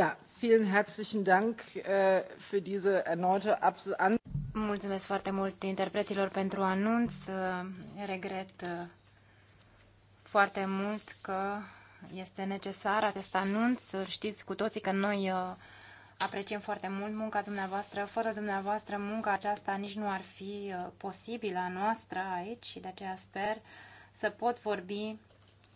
Ja, vielen herzlichen Dank äh, für diese erneute Mulțumesc foarte mult interpreților pentru anunț. Äh, regret äh, foarte mult că este necesar acest anunț. Știți cu toții că noi apreciem foarte mult munca dumneavoastră. Fără dumneavoastră, munca aceasta nici nu ar fi posibilă a noastră aici și de aceea sper să pot vorbi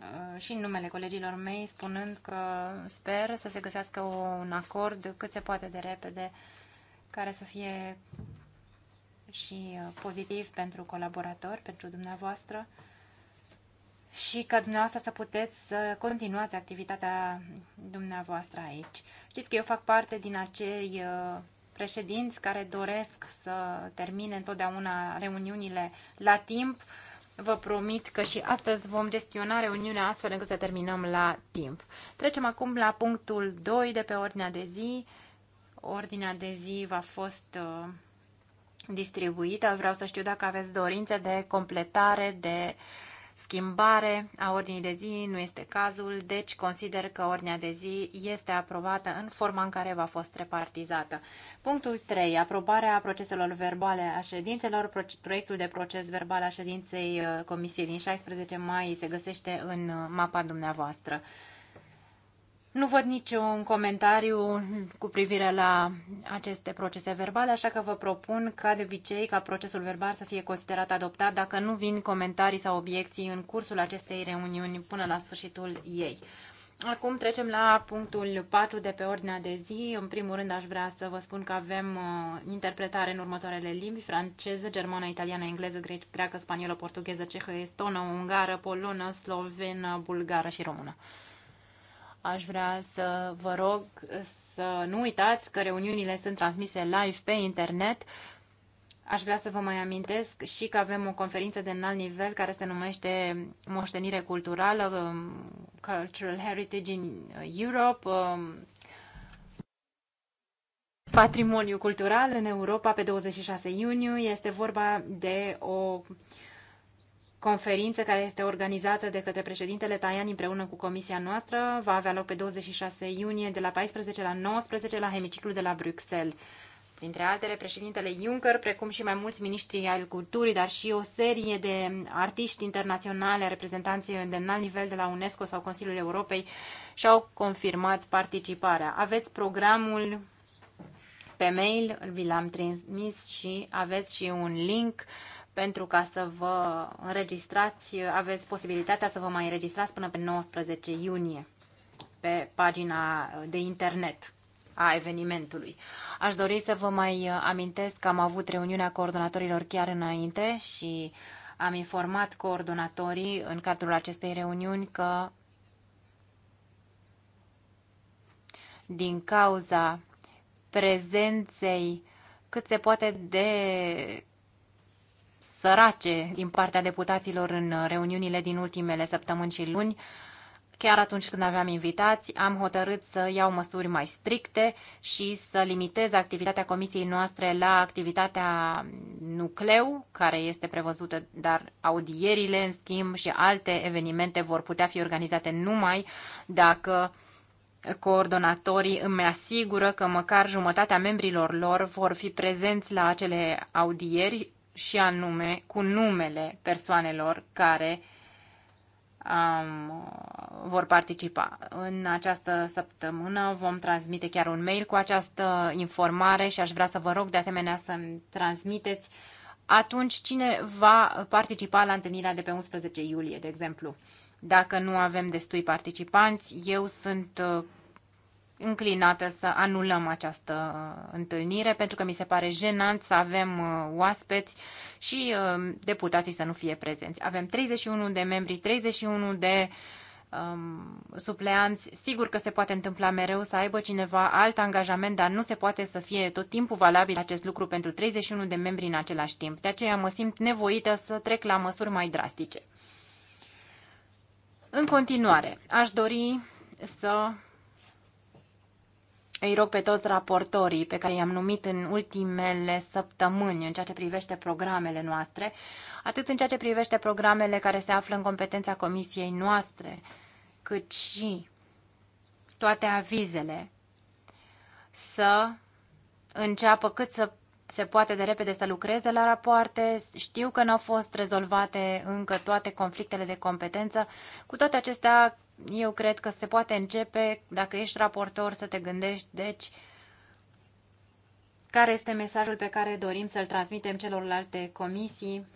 Uh, și în numele colegilor mei, spunând că sper să se găsească un acord cât se poate de repede, care să fie și uh, pozitiv pentru colaboratori, pentru dumneavoastră și ca dumneavoastră să puteți să continuați activitatea dumneavoastră aici. Știți că eu fac parte din acei uh, președinți care doresc să termine întotdeauna reuniunile la timp, Vă promit că și astăzi vom gestiona reuniunea astfel încât să terminăm la timp. Trecem acum la punctul 2 de pe ordinea de zi. Ordinea de zi va fost uh, distribuită. Vreau să știu dacă aveți dorințe de completare, de uh, schimbare a ordinii de zi, nu este cazul, deci consider că ordinea de zi este aprobată în forma în care va fost repartizată. Punctul 3. Aprobarea proceselor verbale a ședințelor. Proiectul de proces verbal a ședinței uh, Comisiei din 16 mai se găsește în uh, mapa dumneavoastră. Nu văd niciun comentariu cu privire la aceste procese verbale, așa că vă propun, ca de obicei, ca procesul verbal să fie considerat adoptat dacă nu vin comentarii sau obiecții în cursul acestei reuniuni până la sfârșitul ei. Acum trecem la punctul 4 de pe ordinea de zi. În primul rând aș vrea să vă spun că avem uh, interpretare în următoarele limbi, franceză, germană, italiană, engleză, gre- greacă, spaniolă, portugheză, cehă, estonă, ungară, polonă, slovenă, bulgară și română. Aș vrea să vă rog să nu uitați că reuniunile sunt transmise live pe internet. Aș vrea să vă mai amintesc și că avem o conferință de înalt nivel care se numește Moștenire culturală, um, Cultural Heritage in Europe, um, Patrimoniu cultural în Europa pe 26 iunie. Este vorba de o conferință care este organizată de către președintele Tajani împreună cu comisia noastră. Va avea loc pe 26 iunie de la 14 la 19 la hemiciclul de la Bruxelles. Printre altele, președintele Juncker, precum și mai mulți miniștri ai culturii, dar și o serie de artiști internaționale, reprezentanții de înalt nivel de la UNESCO sau Consiliul Europei, și-au confirmat participarea. Aveți programul pe mail, vi l-am trimis și aveți și un link pentru ca să vă înregistrați, aveți posibilitatea să vă mai înregistrați până pe 19 iunie pe pagina de internet a evenimentului. Aș dori să vă mai amintesc că am avut reuniunea coordonatorilor chiar înainte și am informat coordonatorii în cadrul acestei reuniuni că din cauza prezenței cât se poate de sărace din partea deputaților în reuniunile din ultimele săptămâni și luni. Chiar atunci când aveam invitați, am hotărât să iau măsuri mai stricte și să limitez activitatea comisiei noastre la activitatea nucleu, care este prevăzută, dar audierile, în schimb, și alte evenimente vor putea fi organizate numai dacă coordonatorii îmi asigură că măcar jumătatea membrilor lor vor fi prezenți la acele audieri și anume cu numele persoanelor care um, vor participa. În această săptămână vom transmite chiar un mail cu această informare și aș vrea să vă rog de asemenea să-mi transmiteți atunci cine va participa la întâlnirea de pe 11 iulie, de exemplu. Dacă nu avem destui participanți, eu sunt uh, înclinată să anulăm această uh, întâlnire, pentru că mi se pare jenant să avem uh, oaspeți și uh, deputații să nu fie prezenți. Avem 31 de membri, 31 de um, supleanți. Sigur că se poate întâmpla mereu să aibă cineva alt angajament, dar nu se poate să fie tot timpul valabil acest lucru pentru 31 de membri în același timp. De aceea mă simt nevoită să trec la măsuri mai drastice. În continuare, aș dori să îi rog pe toți raportorii pe care i-am numit în ultimele săptămâni în ceea ce privește programele noastre, atât în ceea ce privește programele care se află în competența comisiei noastre, cât și toate avizele, să înceapă cât să se poate de repede să lucreze la rapoarte. Știu că nu au fost rezolvate încă toate conflictele de competență. Cu toate acestea, eu cred că se poate începe, dacă ești raportor, să te gândești, deci, care este mesajul pe care dorim să-l transmitem celorlalte comisii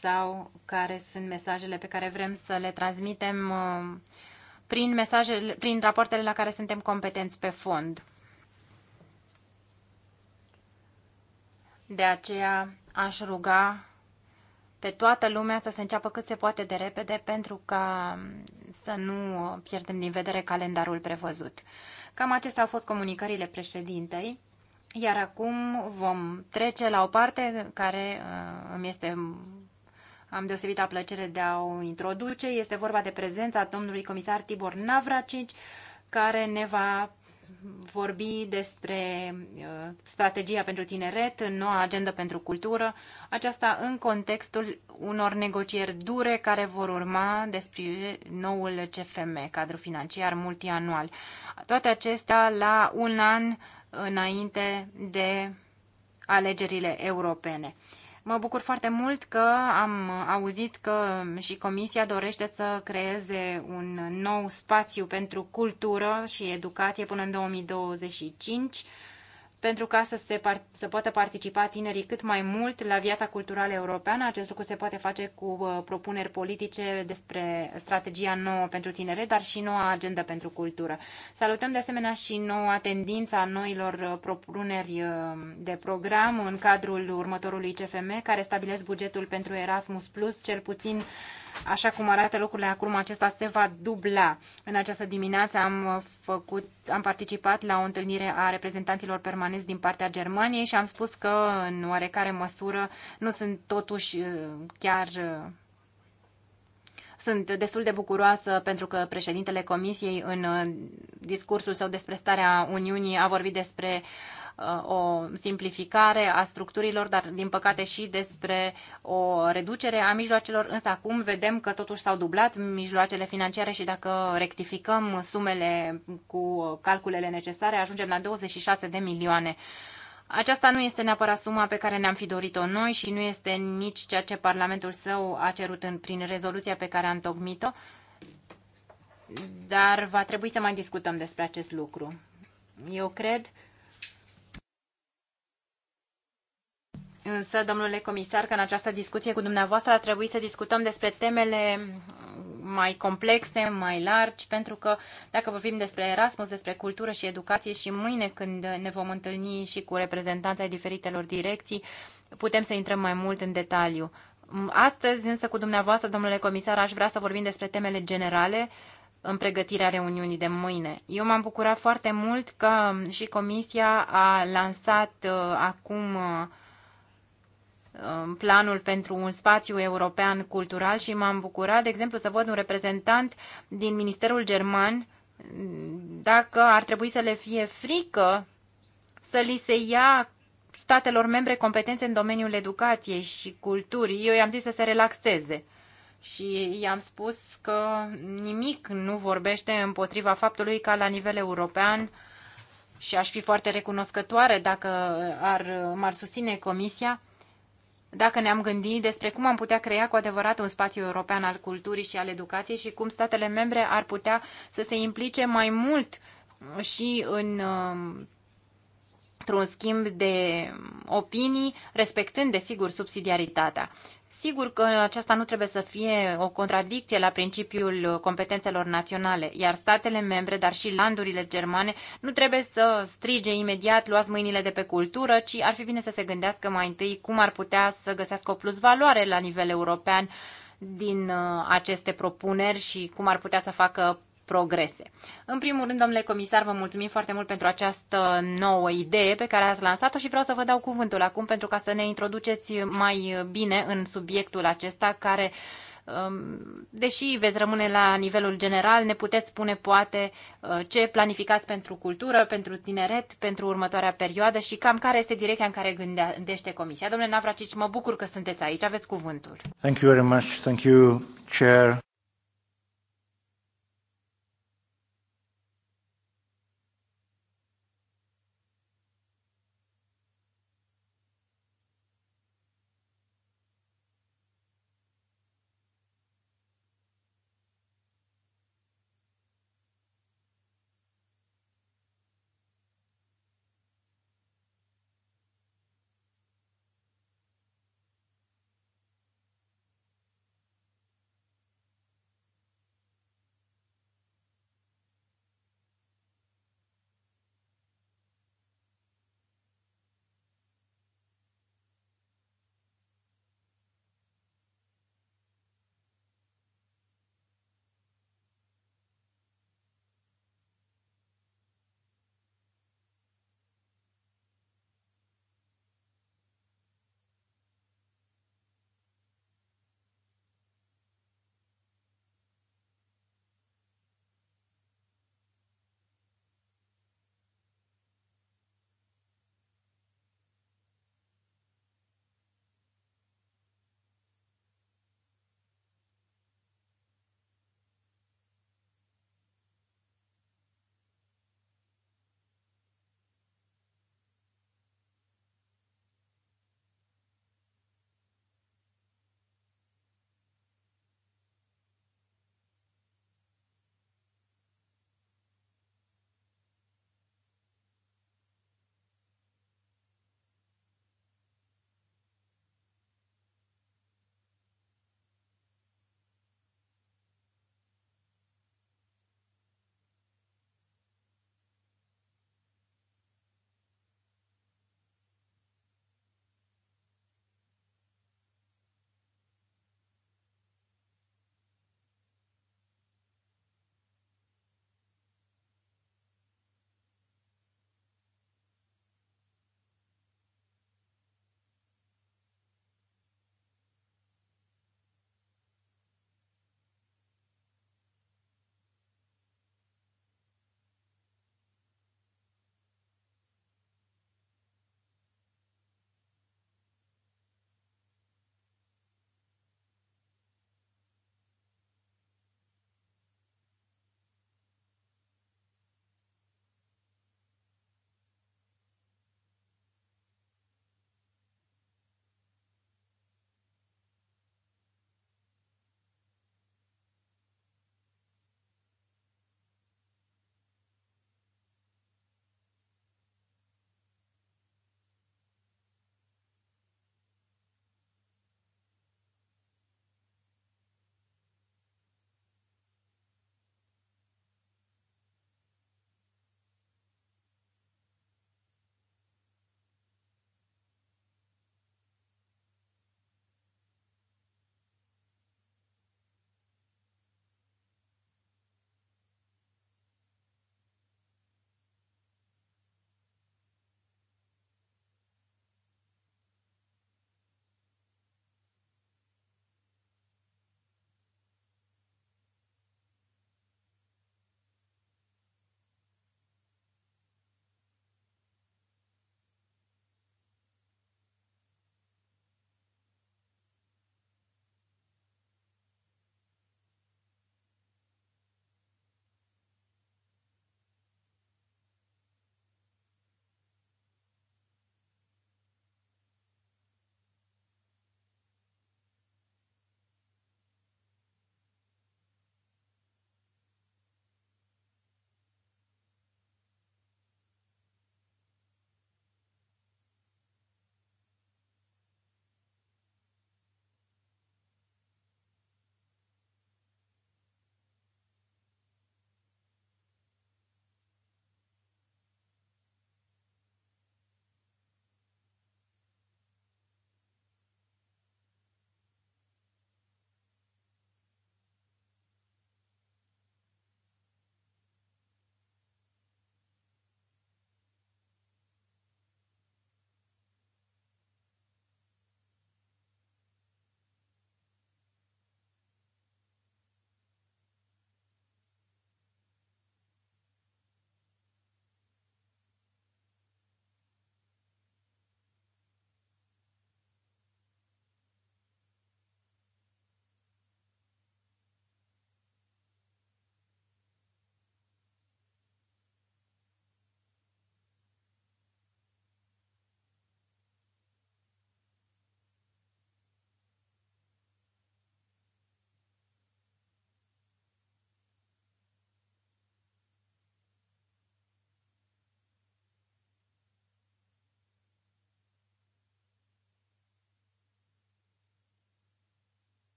sau care sunt mesajele pe care vrem să le transmitem uh, prin, mesajele, prin rapoartele la care suntem competenți pe fond. De aceea aș ruga pe toată lumea să se înceapă cât se poate de repede pentru ca să nu pierdem din vedere calendarul prevăzut. Cam acestea au fost comunicările președintei, iar acum vom trece la o parte care uh, îmi este am deosebită plăcere de a o introduce. Este vorba de prezența domnului comisar Tibor Navracici, care ne va vorbi despre uh, strategia pentru tineret în noua agendă pentru cultură, aceasta în contextul unor negocieri dure care vor urma despre noul CFM, cadru financiar multianual. Toate acestea la un an înainte de alegerile europene. Mă bucur foarte mult că am auzit că și Comisia dorește să creeze un nou spațiu pentru cultură și educație până în 2025 pentru ca să, se, să poată participa tinerii cât mai mult la viața culturală europeană. Acest lucru se poate face cu uh, propuneri politice despre strategia nouă pentru tinere, dar și noua agenda pentru cultură. Salutăm de asemenea și noua tendință a noilor uh, propuneri uh, de program în cadrul următorului CFM, care stabilesc bugetul pentru Erasmus Plus cel puțin Așa cum arată lucrurile acum, acesta se va dubla. În această dimineață am, făcut, am participat la o întâlnire a reprezentanților permanenți din partea Germaniei și am spus că, în oarecare măsură, nu sunt totuși uh, chiar uh, sunt destul de bucuroasă pentru că președintele Comisiei în uh, discursul său despre starea Uniunii a vorbit despre o simplificare a structurilor, dar din păcate și despre o reducere a mijloacelor, însă acum vedem că totuși s-au dublat mijloacele financiare și dacă rectificăm sumele cu calculele necesare, ajungem la 26 de milioane. Aceasta nu este neapărat suma pe care ne-am fi dorit-o noi și nu este nici ceea ce Parlamentul său a cerut în, prin rezoluția pe care am tocmit-o, dar va trebui să mai discutăm despre acest lucru. Eu cred Însă, domnule comisar, că în această discuție cu dumneavoastră ar trebui să discutăm despre temele mai complexe, mai largi, pentru că dacă vorbim despre Erasmus, despre cultură și educație și mâine când ne vom întâlni și cu reprezentanța diferitelor direcții, putem să intrăm mai mult în detaliu. Astăzi, însă, cu dumneavoastră, domnule comisar, aș vrea să vorbim despre temele generale în pregătirea reuniunii de mâine. Eu m-am bucurat foarte mult că și Comisia a lansat uh, acum uh, Um, planul pentru un spațiu european cultural și m-am bucurat, de exemplu, să văd un reprezentant din Ministerul German dacă ar trebui să le fie frică să li se ia statelor membre competențe în domeniul educației și culturii. Eu i-am zis să se relaxeze și i-am spus că nimic nu vorbește împotriva faptului ca la nivel european și aș fi foarte recunoscătoare dacă ar, m-ar susține comisia dacă ne-am gândit despre cum am putea crea cu adevărat un spațiu european al culturii și al educației și cum statele membre ar putea să se implice mai mult și în um, într-un schimb de opinii, respectând, desigur, subsidiaritatea. Sigur că aceasta nu trebuie să fie o contradicție la principiul competențelor naționale, iar statele membre, dar și landurile germane, nu trebuie să strige imediat, luați mâinile de pe cultură, ci ar fi bine să se gândească mai întâi cum ar putea să găsească o plusvaloare la nivel european din uh, aceste propuneri și cum ar putea să facă progrese. În primul rând, domnule comisar, vă mulțumim foarte mult pentru această nouă idee pe care ați lansat-o și vreau să vă dau cuvântul acum pentru ca să ne introduceți mai bine în subiectul acesta care um, deși veți rămâne la nivelul general, ne puteți spune poate uh, ce planificați pentru cultură, pentru tineret, pentru următoarea perioadă și cam care este direcția în care gândește Comisia. Domnule Navracici, mă bucur că sunteți aici, aveți cuvântul. Thank you very much. Thank you, Chair.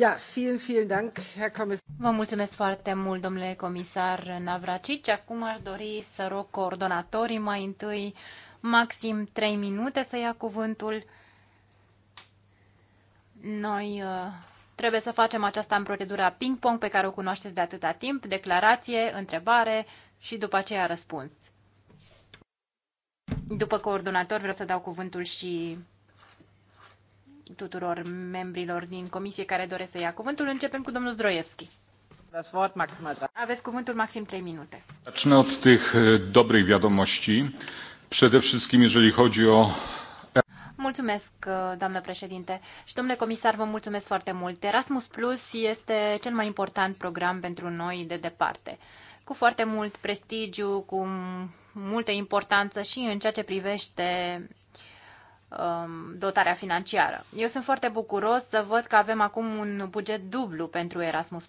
Ja, vielen, vielen Dank, Herr Kommissar. Vă mulțumesc foarte mult, domnule comisar Navracici. Acum aș dori să rog coordonatorii mai întâi maxim 3 minute să ia cuvântul. Noi uh, trebuie să facem aceasta în procedura ping-pong pe care o cunoașteți de atâta timp, declarație, întrebare și după aceea răspuns. După coordonator vreau să dau cuvântul și tuturor membrilor din comisie care doresc să ia cuvântul. Începem cu domnul Zdroievski. Aveți cuvântul maxim 3 minute. Zacznę od tych dobrych wiadomości. Przede wszystkim, jeżeli chodzi o Mulțumesc, doamnă președinte. Și domnule comisar, vă mulțumesc foarte mult. Erasmus Plus este cel mai important program pentru noi de departe. Cu foarte mult prestigiu, cu multă importanță și în ceea ce privește Um, dotarea financiară. Eu sunt foarte bucuros să văd că avem acum un buget dublu pentru Erasmus+.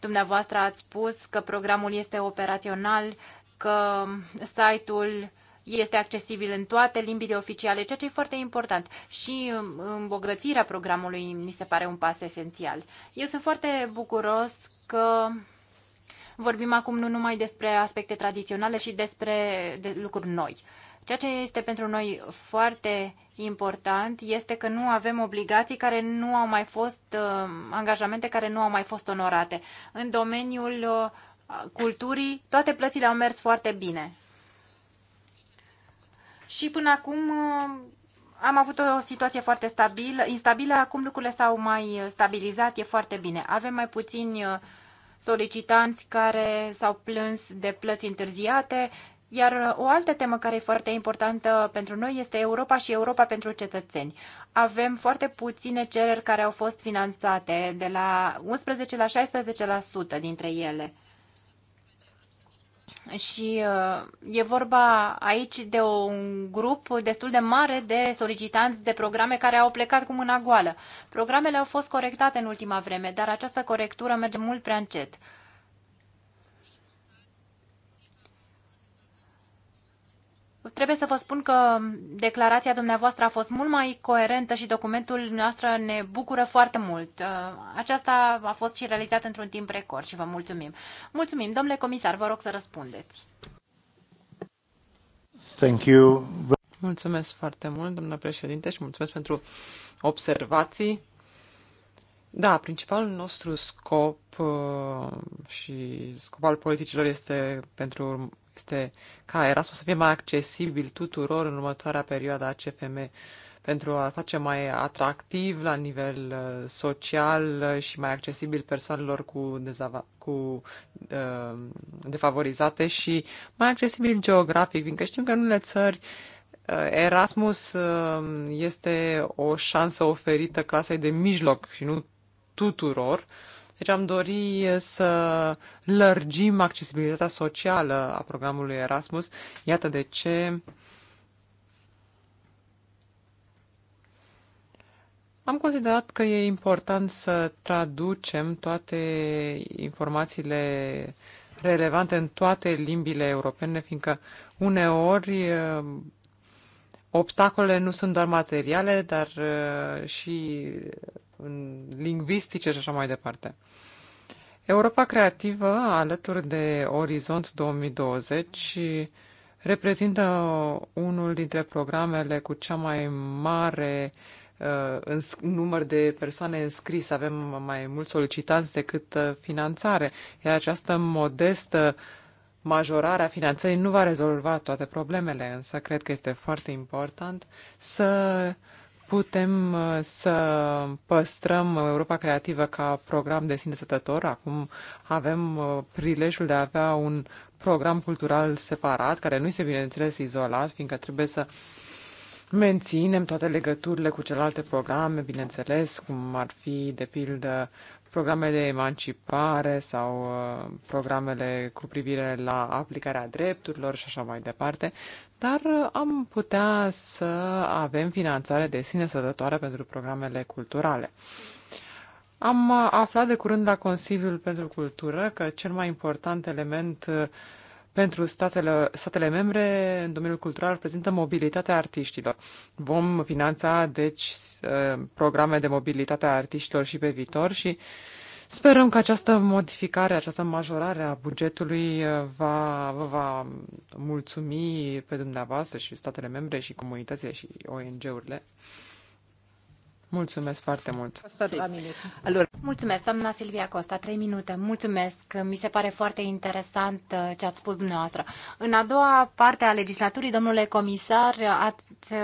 Dumneavoastră ați spus că programul este operațional, că site-ul este accesibil în toate limbile oficiale, ceea ce e foarte important. Și um, îmbogățirea programului mi se pare un pas esențial. Eu sunt foarte bucuros că vorbim acum nu numai despre aspecte tradiționale, ci despre de lucruri noi. Ceea ce este pentru noi foarte important este că nu avem obligații care nu au mai fost, uh, angajamente care nu au mai fost onorate. În domeniul uh, culturii, toate plățile au mers foarte bine. Și până acum uh, am avut o situație foarte stabilă, instabilă, acum lucrurile s-au mai stabilizat, e foarte bine. Avem mai puțini uh, solicitanți care s-au plâns de plăți întârziate, iar uh, o altă temă care e foarte importantă pentru noi este Europa și Europa pentru cetățeni. Avem foarte puține cereri care au fost finanțate, de la 11 la 16% dintre ele. Și uh, e vorba aici de un grup destul de mare de solicitanți de programe care au plecat cu mâna goală. Programele au fost corectate în ultima vreme, dar această corectură merge mult prea încet. trebuie să vă spun că declarația dumneavoastră a fost mult mai coerentă și documentul noastră ne bucură foarte mult. Uh, aceasta a fost și realizată într-un timp record și vă mulțumim. Mulțumim, domnule comisar, vă rog să răspundeți. Thank you. Mulțumesc foarte mult, domnule președinte, și mulțumesc pentru observații. Da, principalul nostru scop uh, și scop al politicilor este pentru este ca Erasmus să fie mai accesibil tuturor în următoarea perioadă a CFM pentru a face mai atractiv la nivel uh, social uh, și mai accesibil persoanelor cu, dezava- cu uh, defavorizate și mai accesibil geografic, fiindcă știm că în unele țări uh, Erasmus este o șansă oferită clasei de mijloc și nu tuturor, deci am dori eh, să lărgim accesibilitatea socială a programului Erasmus. Iată de ce Am considerat că e important să traducem toate informațiile relevante în toate limbile europene, fiindcă uneori eh, obstacolele nu sunt doar materiale, dar eh, și lingvistice și așa mai departe. Europa Creativă, alături de Orizont 2020, reprezintă unul dintre programele cu cea mai mare uh, în număr de persoane înscris. avem mai mulți solicitanți decât uh, finanțare, iar această modestă majorare a finanțării nu va rezolva toate problemele, însă cred că este foarte important să putem uh, să păstrăm Europa Creativă ca program de sine sătător. Acum avem uh, prilejul de a avea un program cultural separat, care nu este, bineînțeles, izolat, fiindcă trebuie să menținem toate legăturile cu celelalte programe, bineînțeles, cum ar fi, de pildă, programe de emancipare sau uh, programele cu privire la aplicarea drepturilor și așa mai departe, dar uh, am putea să avem finanțare de sine sătătoare pentru programele culturale. Am uh, aflat de curând la Consiliul pentru Cultură că cel mai important element uh, pentru statele, statele membre în domeniul cultural reprezintă mobilitatea artiștilor. Vom finanța, deci, uh, programe de mobilitate a artiștilor și pe viitor și sperăm că această modificare, această majorare a bugetului uh, va, vă va mulțumi pe dumneavoastră și statele membre și comunitățile și ONG-urile Mulțumesc foarte mult. Mulțumesc, doamna Silvia Costa, trei minute. Mulțumesc, mi se pare foarte interesant uh, ce ați spus dumneavoastră. În a doua parte a legislaturii, domnule comisar, ați, uh,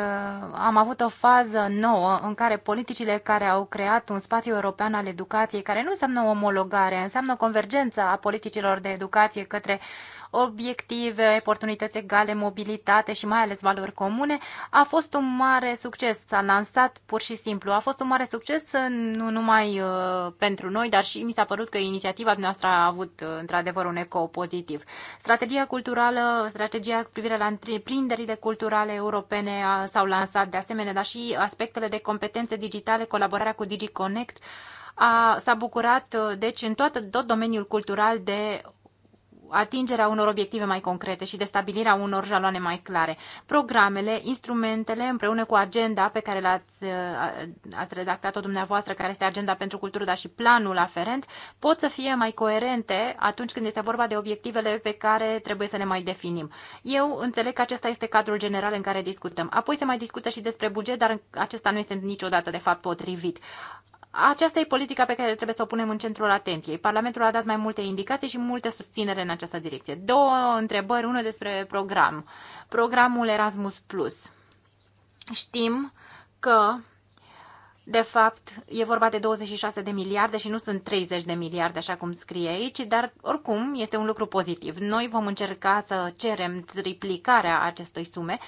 am avut o fază nouă în care politicile care au creat un spațiu european al educației, care nu înseamnă omologare, înseamnă convergența a politicilor de educație către uh, obiective, oportunități egale, mobilitate și mai ales valori comune, a fost un mare succes. S-a lansat pur și simplu. A fost un mare succes nu numai uh, pentru noi, dar și mi s-a părut că inițiativa noastră a avut uh, într-adevăr un eco pozitiv. Strategia culturală, strategia cu privire la întreprinderile culturale europene s-au lansat de asemenea, dar și aspectele de competențe digitale, colaborarea cu DigiConnect, a, s-a bucurat, uh, deci, în toată, tot domeniul cultural de atingerea unor obiective mai concrete și de stabilirea unor jaloane mai clare. Programele, instrumentele, împreună cu agenda pe care l-ați uh, ați redactat-o dumneavoastră, care este agenda pentru cultură, dar și planul aferent, pot să fie mai coerente atunci când este vorba de obiectivele pe care trebuie să le mai definim. Eu înțeleg că acesta este cadrul general în care discutăm. Apoi se mai discută și despre buget, dar acesta nu este niciodată de fapt potrivit. Aceasta e politica pe care trebuie să o punem în centrul atenției. Parlamentul a dat mai multe indicații și multă susținere în această direcție. Două întrebări, una despre program. Programul Erasmus Plus. Știm că de fapt, e vorba de 26 de miliarde și nu sunt 30 de miliarde, așa cum scrie aici, dar oricum este un lucru pozitiv. Noi vom încerca să cerem triplicarea acestei sume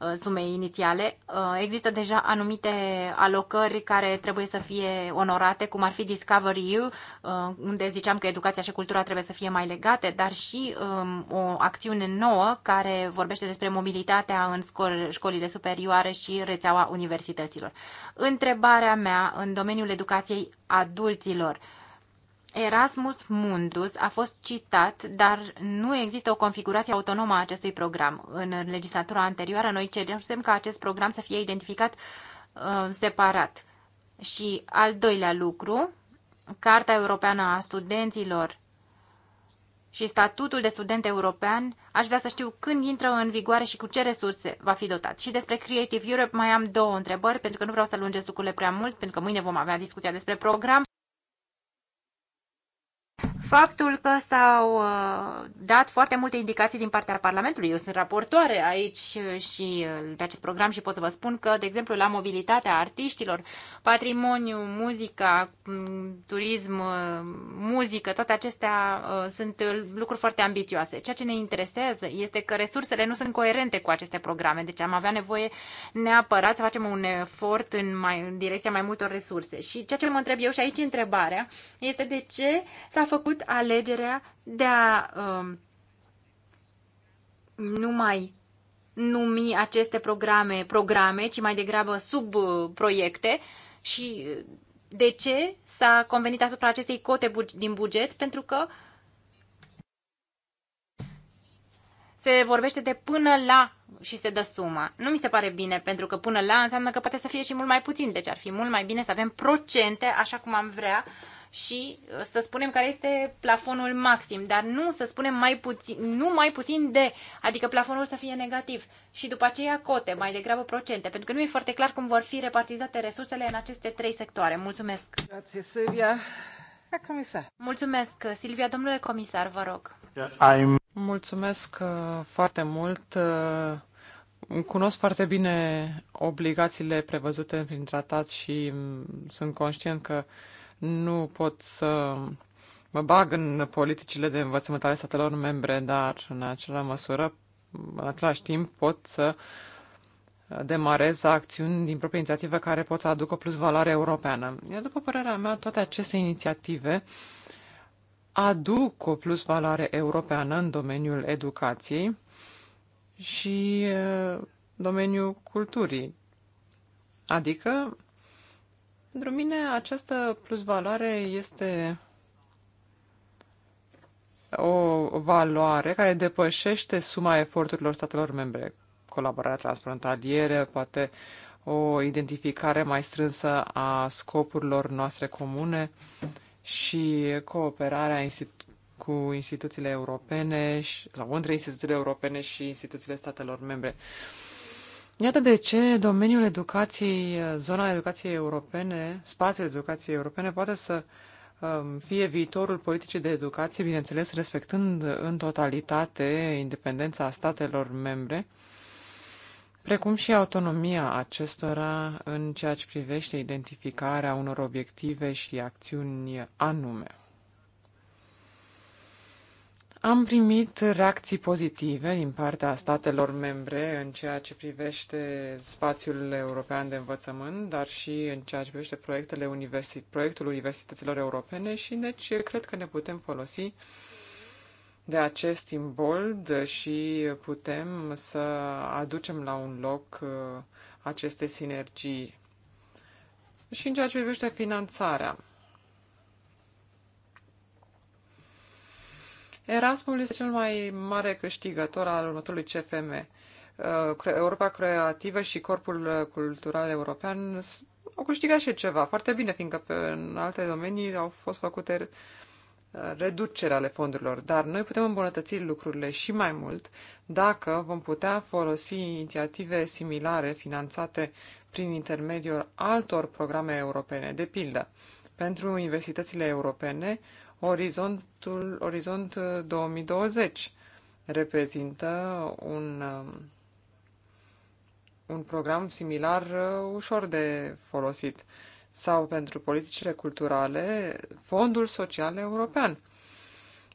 Uh, sumei inițiale, uh, există deja anumite alocări care trebuie să fie onorate, cum ar fi Discovery U, uh, unde ziceam că educația și cultura trebuie să fie mai legate, dar și um, o acțiune nouă care vorbește despre mobilitatea în școlile superioare și rețeaua universităților. Întrebarea mea în domeniul educației adulților Erasmus Mundus a fost citat, dar nu există o configurație autonomă a acestui program. În legislatura anterioară noi cerem ca acest program să fie identificat uh, separat. Și al doilea lucru, Carta Europeană a Studenților și statutul de student european, aș vrea să știu când intră în vigoare și cu ce resurse va fi dotat. Și despre Creative Europe mai am două întrebări, pentru că nu vreau să lungesc lucrurile prea mult, pentru că mâine vom avea discuția despre program faptul că s-au uh, dat foarte multe indicații din partea Parlamentului. Eu sunt raportoare aici și uh, pe acest program și pot să vă spun că, de exemplu, la mobilitatea artiștilor, patrimoniu, muzica, mm, turism, uh, muzică, toate acestea sunt lucruri foarte ambițioase. Ceea ce ne interesează este că resursele nu sunt coerente cu aceste programe, deci am avea nevoie neapărat să facem un efort în, mai, în direcția mai multor resurse. Și ceea ce mă întreb eu și aici întrebarea este de ce s-a făcut alegerea de a uh, nu mai numi aceste programe programe, ci mai degrabă subproiecte și de ce s-a convenit asupra acestei cote din buget? Pentru că se vorbește de până la și se dă suma. Nu mi se pare bine, pentru că până la înseamnă că poate să fie și mult mai puțin, deci ar fi mult mai bine să avem procente, așa cum am vrea, uh, și uh, să spunem care este plafonul maxim, dar nu să spunem mai puțin, nu mai puțin de, adică plafonul să fie negativ și după aceea cote, mai degrabă procente, pentru că nu e foarte clar cum vor fi repartizate resursele în aceste trei sectoare. Mulțumesc! Grazie, Silvia! Comisar. Mulțumesc, Silvia. Domnule comisar, vă rog. I'm... Mulțumesc uh, foarte mult. Uh, cunosc foarte bine obligațiile prevăzute prin tratat și mm, sunt conștient că nu pot să mă bag în politicile de învățământ ale statelor membre, dar în acela măsură, în același timp, pot să demarez acțiuni din proprie inițiativă care pot să aducă plus valoare europeană. Iar după părerea mea, toate aceste inițiative aduc o plus valoare europeană în domeniul educației și uh, domeniul culturii. Adică pentru mine această plusvaloare este o valoare care depășește suma eforturilor statelor membre. Colaborarea transfrontalieră, poate o identificare mai strânsă a scopurilor noastre comune și cooperarea institu- cu instituțiile europene și, sau între instituțiile europene și instituțiile statelor membre. Uh, Iată de ce domeniul educației, zona educației europene, spațiul educației europene poate să um, fie viitorul politicii de educație, bineînțeles respectând în totalitate independența statelor membre, precum și autonomia acestora în ceea ce privește identificarea unor obiective și acțiuni anume. Am primit reacții pozitive din partea statelor membre în ceea ce privește spațiul european de învățământ, dar și în ceea ce privește proiectele universi- proiectul universităților europene și deci cred că ne putem folosi de acest imbold și putem să aducem la un loc uh, aceste sinergii. Și în ceea ce privește finanțarea, Erasmus este cel mai mare câștigător al următorului CFM. Uh, Europa Creativă și Corpul Cultural European au câștigat și ceva foarte bine, fiindcă pe, în alte domenii au fost făcute uh, reducere ale fondurilor, dar noi putem îmbunătăți lucrurile și mai mult dacă vom putea folosi inițiative similare finanțate prin intermediul altor programe europene. De pildă, pentru universitățile europene, Orizontul, Orizont 2020 uh, reprezintă un, um, un program similar uh, ușor de folosit sau pentru politicile culturale Fondul Social European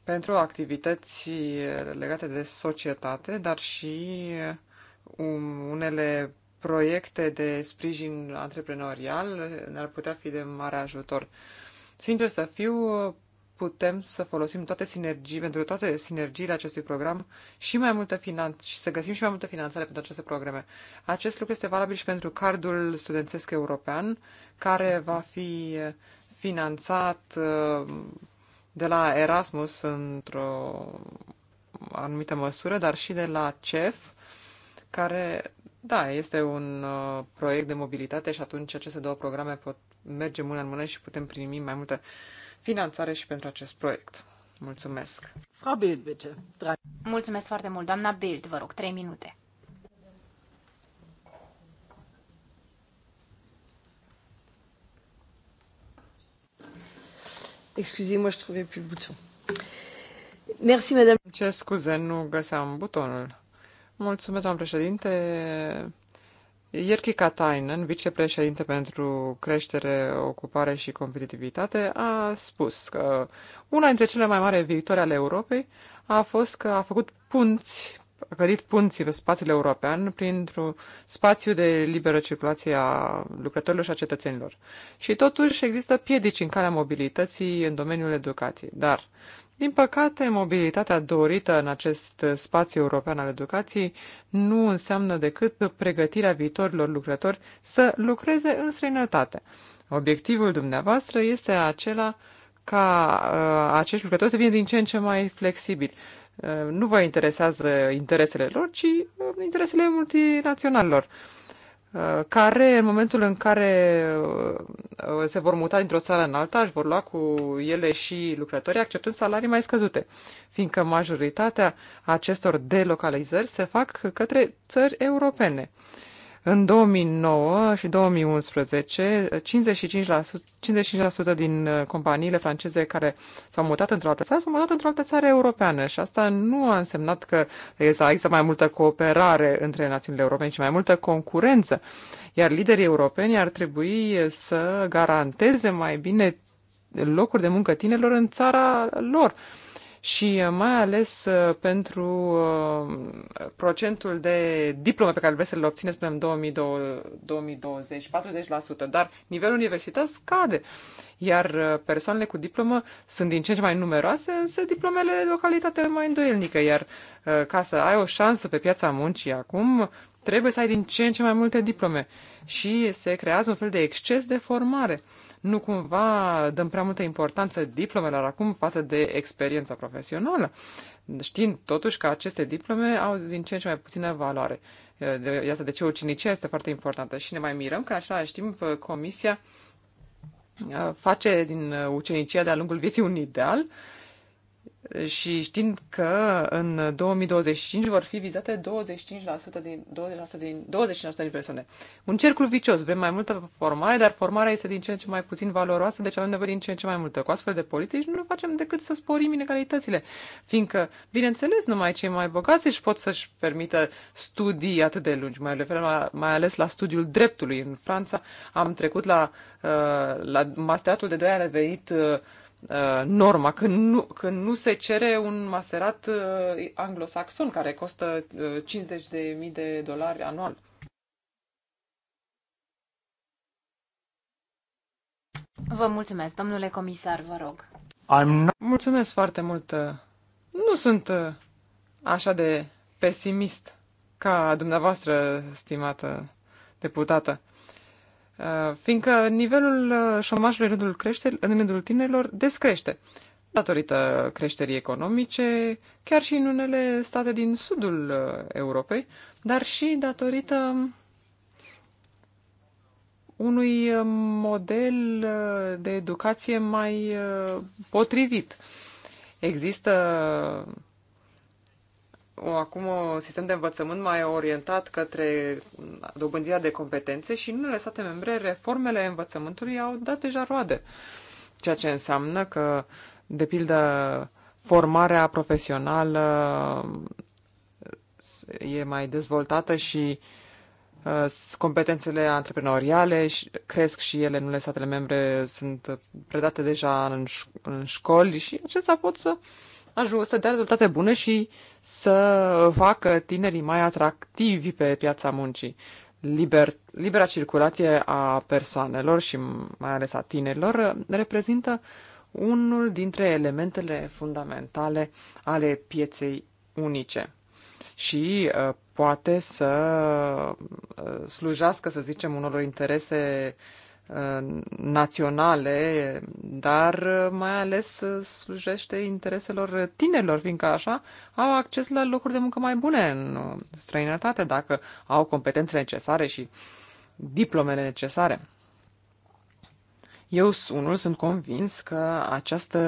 pentru activități uh, legate de societate, dar și um, unele proiecte de sprijin antreprenorial ne-ar putea fi de mare ajutor. Sincer să fiu, putem să folosim toate sinergii, pentru toate sinergiile acestui program și mai multă finanț și să găsim și mai multă finanțare pentru aceste programe. Acest lucru este valabil și pentru cardul studențesc european, care va fi finanțat uh, de la Erasmus într-o anumită măsură, dar și de la CEF, care, da, este un uh, proiect de mobilitate și atunci aceste două programe pot merge mână în mână și putem primi mai multă uh, finanțare și pentru acest proiect. Mulțumesc! Frau Bild, bitte. Mulțumesc foarte mult, doamna Bild, vă rog, trei minute. Excusez-moi, je trouvais plus le bouton. Merci, madame. Ce scuze, nu găseam butonul. Mulțumesc, doamnă președinte. Ierki Katainen, vicepreședinte pentru creștere, ocupare și competitivitate, a spus că una dintre cele mai mari victorii ale Europei a fost că a făcut punți, a clădit punții pe spațiul european printr-un spațiu de liberă circulație a lucrătorilor și a cetățenilor. Și totuși există piedici în calea mobilității în domeniul educației. Dar din păcate, mobilitatea dorită în acest spațiu european al educației nu înseamnă decât pregătirea viitorilor lucrători să lucreze în străinătate. Obiectivul dumneavoastră este acela ca uh, acești lucrători să vină din ce în ce mai flexibili. Uh, nu vă interesează interesele lor, ci uh, interesele multinaționalilor. Uh, Uh, care în momentul în care uh, uh, se vor muta dintr-o țară în alta, își vor lua cu ele și lucrătorii, acceptând salarii mai scăzute, fiindcă majoritatea acestor delocalizări se fac către țări europene. În 2009 și 2011, 55%, 55% din uh, companiile franceze care s-au mutat într-o altă țară s-au mutat într-o altă țară europeană și asta nu a însemnat că există mai multă cooperare între națiunile europene, ci mai multă concurență. Iar liderii europeni ar trebui să garanteze mai bine locuri de muncă tinerilor în țara lor. Uh, și uh, mai ales uh, pentru uh, procentul de diplome pe care vreți să le obțineți până în 2020, 40%, dar nivelul universitar scade, iar persoanele cu diplomă sunt din ce în ce mai numeroase, însă diplomele de o calitate mai îndoielnică, iar ca să ai o șansă pe piața muncii acum, trebuie să ai din ce în ce mai multe diplome și se creează un fel de exces de formare. Nu cumva dăm prea multă importanță diplomelor acum față de experiența profesională, știind totuși că aceste diplome au din ce în ce mai puțină valoare. iată de ce ucinicia este foarte importantă și ne mai mirăm că în același timp uh, Comisia uh, face din uh, ucenicia de-a lungul vieții un ideal și știind că în 2025 vor fi vizate 25% din, 20% din, 25% din persoane. Un cercul vicios. Vrem mai multă formare, dar formarea este din ce în ce mai puțin valoroasă, deci avem nevoie din ce în ce mai multă. Cu astfel de politici nu facem decât să sporim inegalitățile, fiindcă, bineînțeles, numai cei mai bogați își pot să-și permită studii atât de lungi. Mai, refer la, mai ales la studiul dreptului. În Franța am trecut la, uh, la masteratul de doi ani, a venit uh, Uh, norma, când nu, când nu se cere un maserat uh, anglosaxon care costă uh, 50.000 de, de dolari anual. Vă mulțumesc, domnule comisar, vă rog. I'm not... Mulțumesc foarte mult. Nu sunt uh, așa de pesimist ca dumneavoastră, stimată deputată. Uh, fiindcă nivelul uh, șomajului în rândul, creșter, în rândul tinerilor descrește datorită creșterii economice, chiar și în unele state din sudul uh, Europei, dar și datorită unui model de educație mai potrivit. Există o, acum un sistem de învățământ mai orientat către dobândirea de competențe și în unele state membre reformele învățământului au dat deja roade. Ceea ce înseamnă că, de pildă, formarea profesională e mai dezvoltată și uh, competențele antreprenoriale cresc și ele în unele statele membre sunt predate deja în, ș- în școli și acestea pot să uh, ajuns să dea rezultate bune și să facă tinerii mai atractivi pe piața muncii. Liber, libera circulație a persoanelor și mai ales a tinerilor reprezintă unul dintre elementele fundamentale ale pieței unice și uh, poate să uh, slujească, să zicem, unor interese naționale, dar uh, mai ales uh, slujește intereselor tinerilor, fiindcă așa au acces la locuri de muncă mai bune în uh, străinătate, dacă au competențe necesare și diplomele necesare. Eu unul sunt convins că această,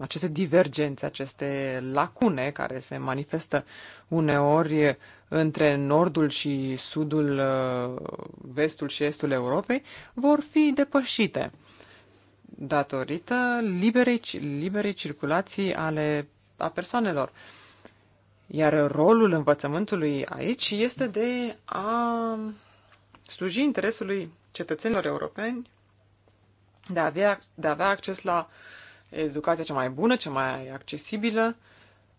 aceste divergențe, aceste lacune care se manifestă uneori între nordul și sudul, uh, vestul și estul Europei vor fi depășite datorită liberei, liberei circulații ale, a persoanelor. Iar rolul învățământului aici este de a sluji interesului cetățenilor europeni de a avea, de a avea acces la educația cea mai bună, cea mai accesibilă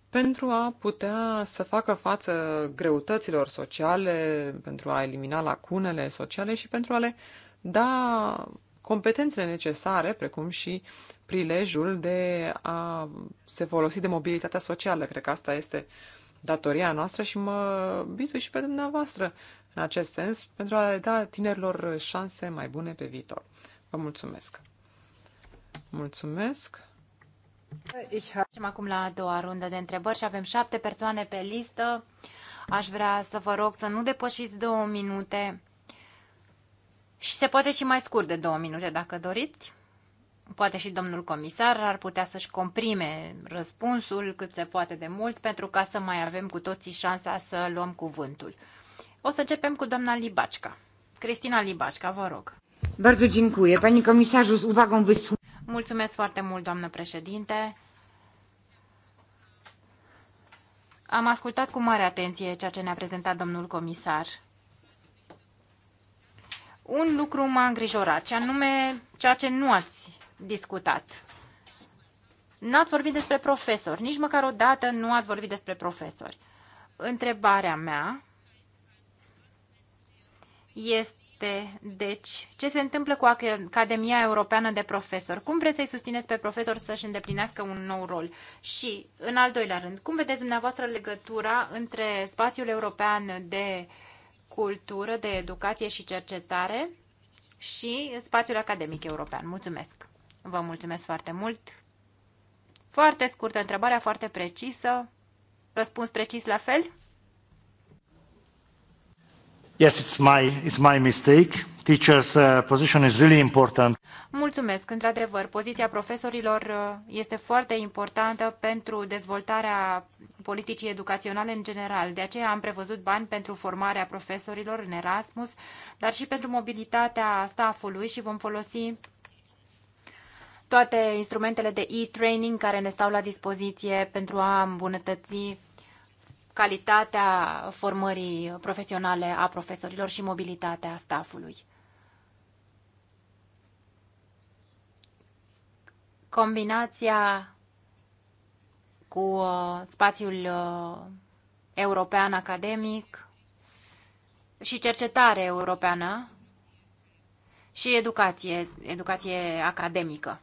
pentru a putea să facă față greutăților sociale, pentru a elimina lacunele sociale și pentru a le da competențele necesare, precum și prilejul de a se folosi de mobilitatea socială. Cred că asta este datoria noastră și mă bizui și pe dumneavoastră în acest sens pentru a le da tinerilor șanse mai bune pe viitor. Vă mulțumesc! Mulțumesc! Trecem acum la a doua rundă de întrebări și avem șapte persoane pe listă. Aș vrea să vă rog să nu depășiți două minute și se poate și mai scurt de două minute dacă doriți. Poate și domnul comisar ar putea să-și comprime răspunsul cât se poate de mult pentru ca să mai avem cu toții șansa să luăm cuvântul. O să începem cu doamna Libacica. Cristina Libacica, vă rog. Bardzo dziękuję. Panie komisarzu, z uwagą wysłuchałem. Mulțumesc foarte mult, doamnă președinte. Am ascultat cu mare atenție ceea ce ne-a prezentat domnul comisar. Un lucru m-a îngrijorat, ce anume ceea ce nu ați discutat. N-ați vorbit despre profesori, nici măcar o dată nu ați vorbit despre profesori. Întrebarea mea este este, deci, ce se întâmplă cu Academia Europeană de Profesori? Cum vreți să-i susțineți pe profesori să-și îndeplinească un nou rol? Și, în al doilea rând, cum vedeți dumneavoastră legătura între spațiul european de cultură, de educație și cercetare și spațiul academic european? Mulțumesc! Vă mulțumesc foarte mult! Foarte scurtă întrebarea, foarte precisă. Răspuns precis la fel? Yes, it's my, it's my mistake. Teachers, uh, position is really important. Mulțumesc. Într-adevăr, poziția profesorilor uh, este foarte importantă pentru dezvoltarea politicii educaționale în general. De aceea am prevăzut bani pentru formarea profesorilor în Erasmus, dar și pentru mobilitatea staffului și vom folosi toate instrumentele de e-training care ne stau la dispoziție pentru a îmbunătăți calitatea formării profesionale a profesorilor și mobilitatea staffului. Combinația cu uh, spațiul uh, european academic și cercetare europeană și educație, educație academică.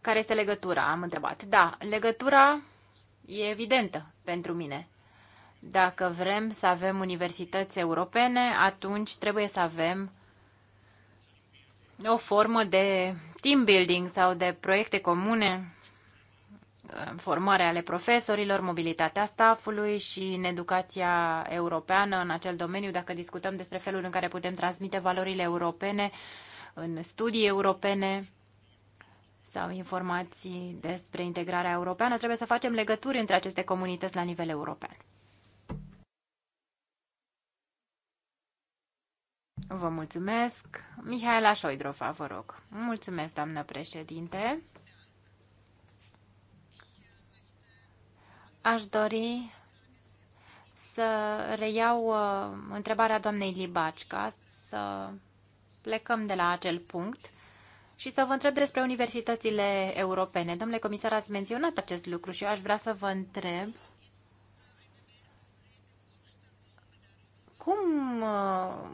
Care este legătura? Am întrebat. Da, legătura e evidentă pentru mine. Dacă vrem să avem universități europene, atunci trebuie să avem o formă de team building sau de proiecte comune, formare ale profesorilor, mobilitatea staffului și în educația europeană în acel domeniu, dacă discutăm despre felul în care putem transmite valorile europene în studii europene sau informații despre integrarea europeană, trebuie să facem legături între aceste comunități la nivel european. Vă mulțumesc. Mihaela Șoidrova, vă rog. Mulțumesc, doamnă președinte. Aș dori să reiau uh, întrebarea doamnei Libacica, să plecăm de la acel punct și să vă întreb despre universitățile europene. Domnule comisar, ați menționat acest lucru și eu aș vrea să vă întreb cum uh,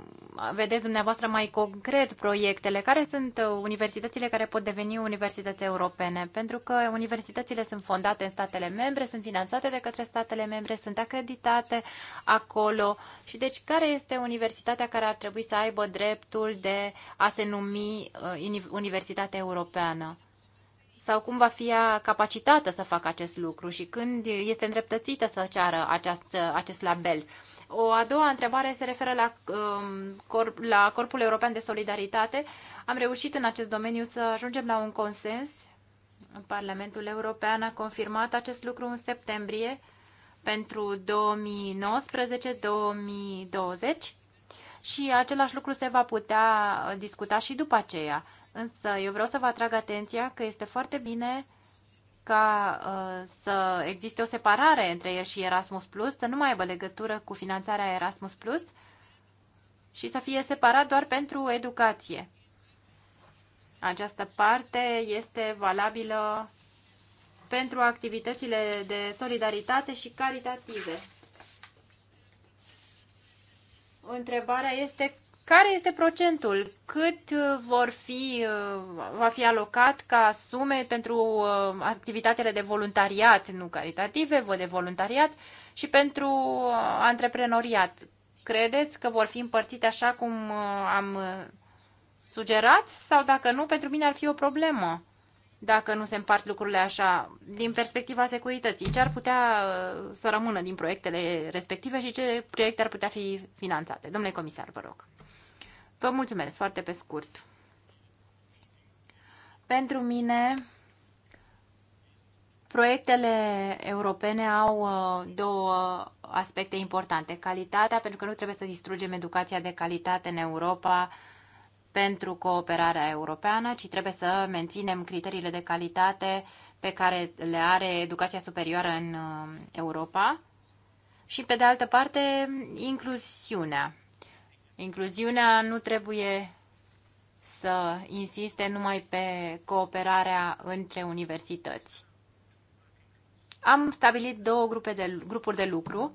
vedeți dumneavoastră mai concret proiectele? Care sunt uh, universitățile care pot deveni universități europene? Pentru că universitățile sunt fondate în statele membre, sunt finanțate de către statele membre, sunt acreditate acolo. Și deci care este universitatea care ar trebui să aibă dreptul de a se numi uh, universitate europeană? sau cum va fi ea capacitată să facă acest lucru și când este îndreptățită să ceară aceast, acest label. O a doua întrebare se referă la, um, la Corpul European de Solidaritate. Am reușit în acest domeniu să ajungem la un consens. Parlamentul European a confirmat acest lucru în septembrie pentru 2019-2020 și același lucru se va putea discuta și după aceea. Însă eu vreau să vă atrag atenția că este foarte bine ca uh, să existe o separare între el și Erasmus Plus, să nu mai aibă legătură cu finanțarea Erasmus Plus și să fie separat doar pentru educație. Această parte este valabilă pentru activitățile de solidaritate și caritative. Întrebarea este care este procentul? Cât uh, vor fi, uh, va fi alocat ca sume pentru uh, activitatele de voluntariat, nu caritative, de voluntariat și pentru antreprenoriat? Credeți că vor fi împărțite așa cum am sugerat sau dacă nu, pentru mine ar fi o problemă dacă nu se împart lucrurile așa din perspectiva securității. Ce ar putea să rămână din proiectele respective și ce proiecte ar putea fi finanțate? Domnule comisar, vă rog. Vă mulțumesc, foarte pe scurt. Pentru mine, proiectele europene au uh, două aspecte importante. Calitatea, pentru că nu trebuie să distrugem educația de calitate în Europa pentru cooperarea europeană, ci trebuie să menținem criteriile de calitate pe care le are educația superioară în uh, Europa. Și, pe de altă parte, inclusiunea Incluziunea nu trebuie să insiste numai pe cooperarea între universități. Am stabilit două grupe de, grupuri de lucru.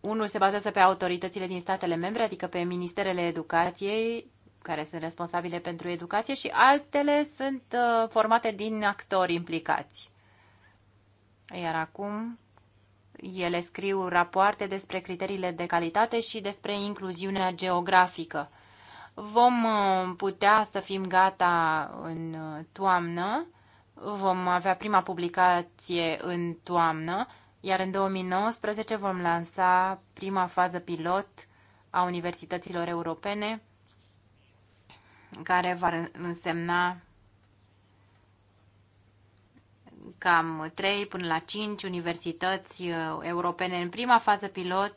Unul se bazează pe autoritățile din statele membre, adică pe ministerele educației, care sunt responsabile pentru educație, și altele sunt uh, formate din actori implicați. Iar acum ele scriu rapoarte despre criteriile de calitate și despre incluziunea geografică. Vom uh, putea să fim gata în uh, toamnă, vom avea prima publicație în toamnă, iar în 2019 vom lansa prima fază pilot a universităților europene, care va însemna cam 3 până la 5 universități uh, europene în prima fază pilot,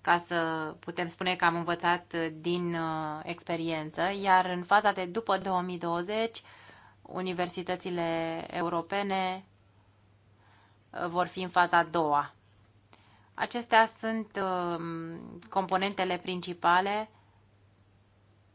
ca să putem spune că am învățat uh, din uh, experiență, iar în faza de după 2020, universitățile europene vor fi în faza a doua. Acestea sunt um, componentele principale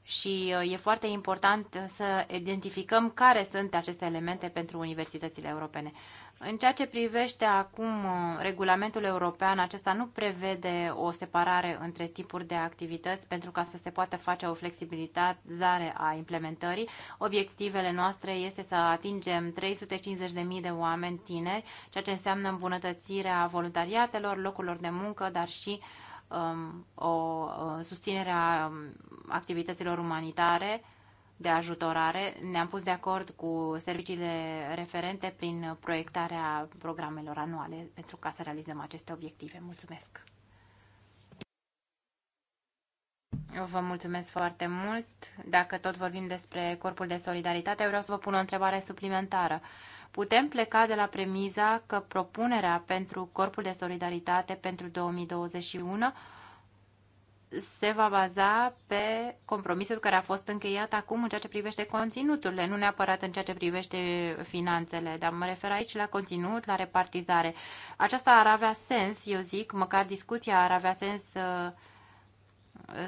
și uh, e foarte important uh, să identificăm care sunt aceste elemente pentru universitățile europene. În ceea ce privește acum uh, regulamentul european, acesta nu prevede o separare între tipuri de activități pentru ca să se poată face o flexibilizare a implementării. Obiectivele noastre este să atingem 350.000 de oameni tineri, ceea ce înseamnă îmbunătățirea voluntariatelor, locurilor de muncă, dar și uh, Um, o uh, susținere a um, activităților umanitare de ajutorare. Ne-am pus de acord cu serviciile referente prin proiectarea programelor anuale pentru ca să realizăm aceste obiective. Mulțumesc! Vă mulțumesc foarte mult. Dacă tot vorbim despre Corpul de Solidaritate, vreau să vă pun o întrebare suplimentară. Putem pleca de la premiza că propunerea pentru Corpul de Solidaritate pentru 2021 se va baza pe compromisul care a fost încheiat acum în ceea ce privește conținuturile, nu neapărat în ceea ce privește finanțele, dar mă refer aici la conținut, la repartizare. Aceasta ar avea sens, eu zic, măcar discuția ar avea sens uh,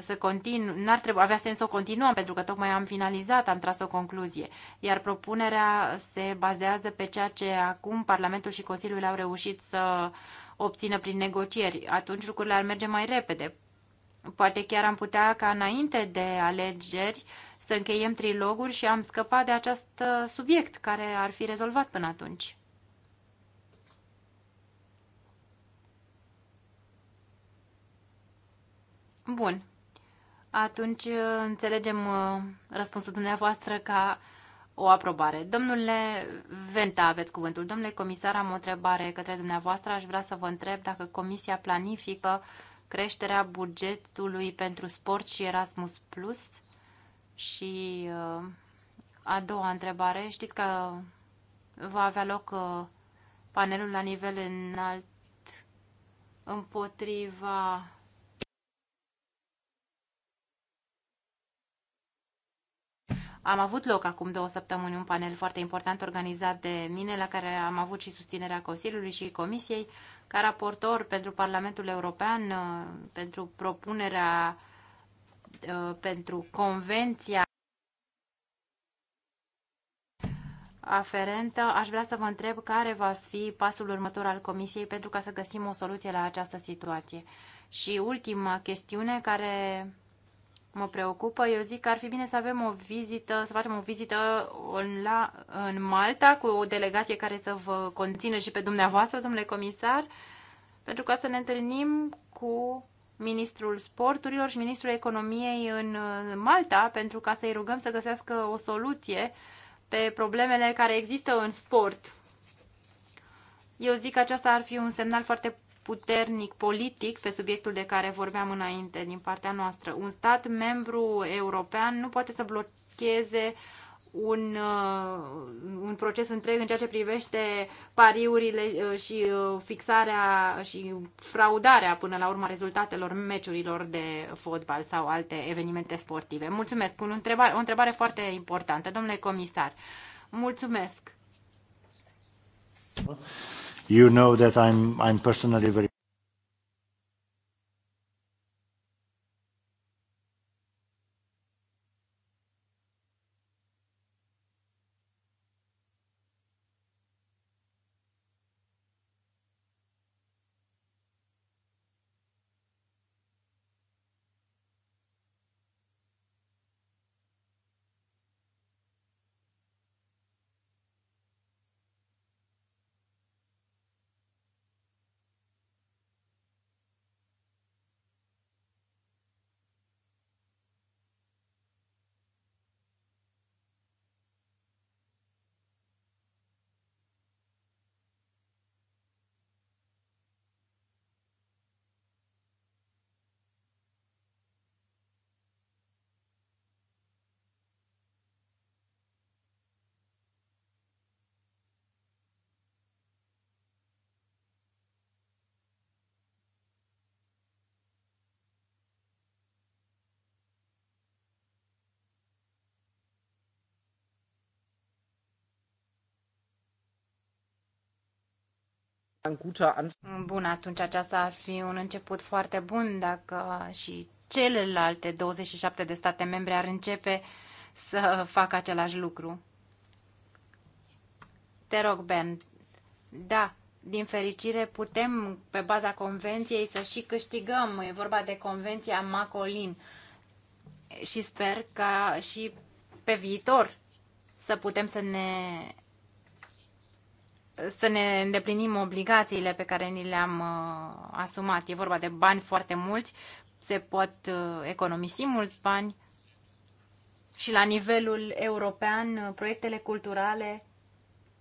să continu, n-ar trebui, avea sens să o continuăm, pentru că tocmai am finalizat, am tras o concluzie. Iar propunerea se bazează pe ceea ce acum Parlamentul și Consiliul au reușit să obțină prin negocieri. Atunci lucrurile ar merge mai repede. Poate chiar am putea ca înainte de alegeri să încheiem triloguri și am scăpat de acest subiect care ar fi rezolvat până atunci. Bun. Atunci uh, înțelegem uh, răspunsul dumneavoastră ca o aprobare. Domnule Venta, aveți cuvântul. Domnule comisar, am o întrebare către dumneavoastră. Aș vrea să vă întreb dacă Comisia planifică creșterea bugetului pentru sport și Erasmus Plus. Și uh, a doua întrebare, știți că va avea loc panelul la nivel înalt împotriva Am avut loc acum două săptămâni un panel foarte important organizat de mine, la care am avut și susținerea Consiliului și Comisiei, ca raportor pentru Parlamentul European, uh, pentru propunerea uh, pentru convenția aferentă, aș vrea să vă întreb care va fi pasul următor al Comisiei pentru ca să găsim o soluție la această situație. Și ultima chestiune care mă preocupă. Eu zic că ar fi bine să avem o vizită, să facem o vizită în, la, în Malta cu o delegație care să vă conțină și pe dumneavoastră, domnule comisar, pentru ca să ne întâlnim cu ministrul sporturilor și ministrul economiei în Malta pentru ca să-i rugăm să găsească o soluție pe problemele care există în sport. Eu zic că aceasta ar fi un semnal foarte puternic politic pe subiectul de care vorbeam înainte din partea noastră. Un stat membru european nu poate să blocheze un, uh, un proces întreg în ceea ce privește pariurile uh, și uh, fixarea și fraudarea până la urma rezultatelor meciurilor de fotbal sau alte evenimente sportive. Mulțumesc. Un întrebare, o întrebare foarte importantă, domnule comisar. Mulțumesc. You know that I'm, I'm personally very Bun, atunci aceasta ar fi un început foarte bun dacă și celelalte 27 de state membre ar începe să facă același lucru. Te rog, Ben. Da, din fericire putem, pe baza convenției, să și câștigăm. E vorba de convenția Macolin. Și sper ca și pe viitor să putem să ne să ne îndeplinim obligațiile pe care ni le-am uh, asumat. E vorba de bani foarte mulți, se pot uh, economisi mulți bani și la nivelul european uh, proiectele culturale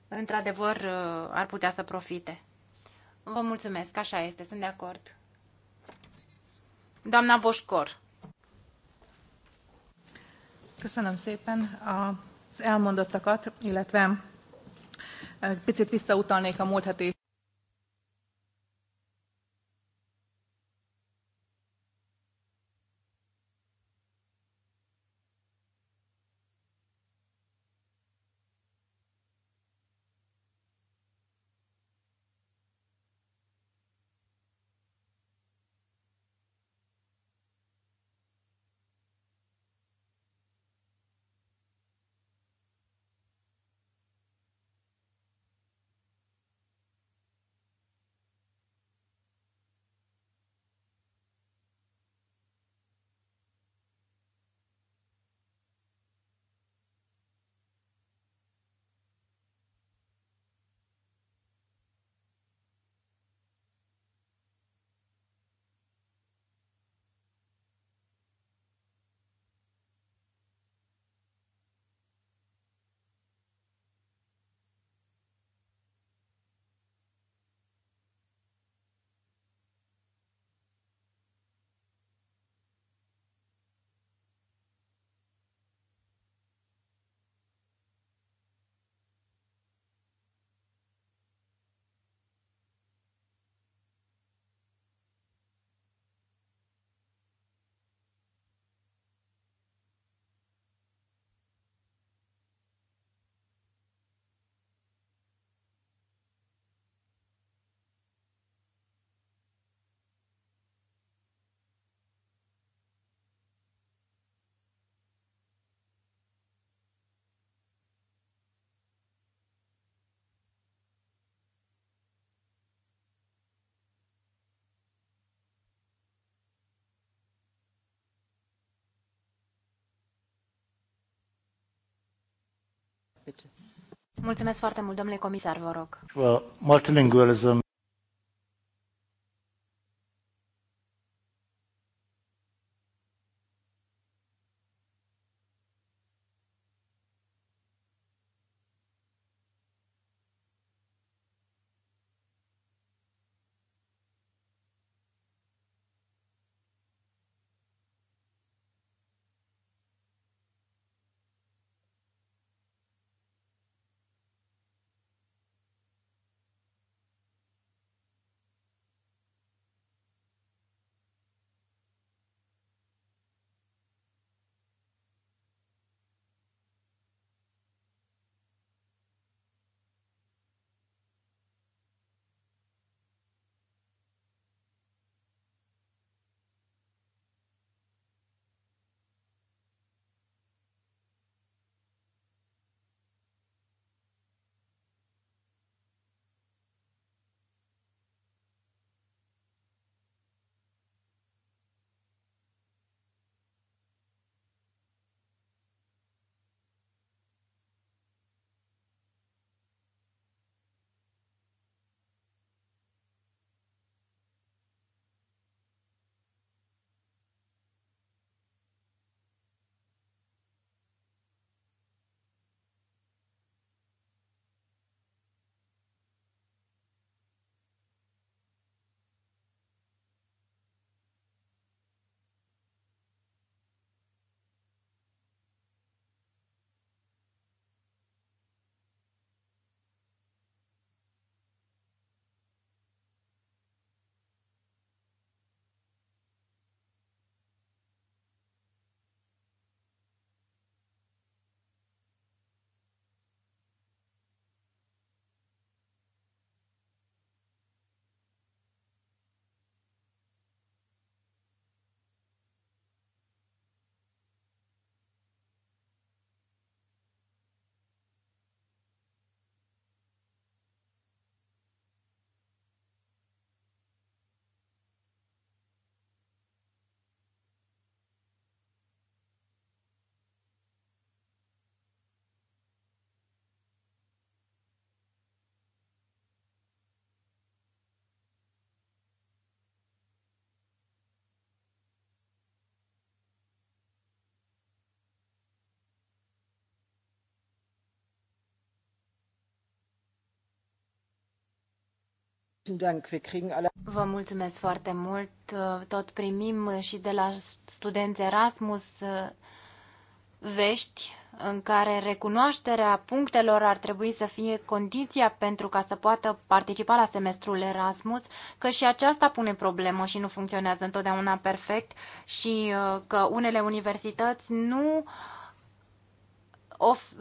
într-adevăr ar putea să profite. Vă mulțumesc, așa este, sunt de acord. Doamna Boșcor. Köszönöm szépen az elmondottakat, illetve Picit visszautalnék a múlt heti Mulțumesc foarte mult, domnule comisar, vă rog. Multilingualism. Vă mulțumesc foarte mult. Tot primim și de la studenți Erasmus vești în care recunoașterea punctelor ar trebui să fie condiția pentru ca să poată participa la semestrul Erasmus, că și aceasta pune problemă și nu funcționează întotdeauna perfect și uh, că unele universități nu uh,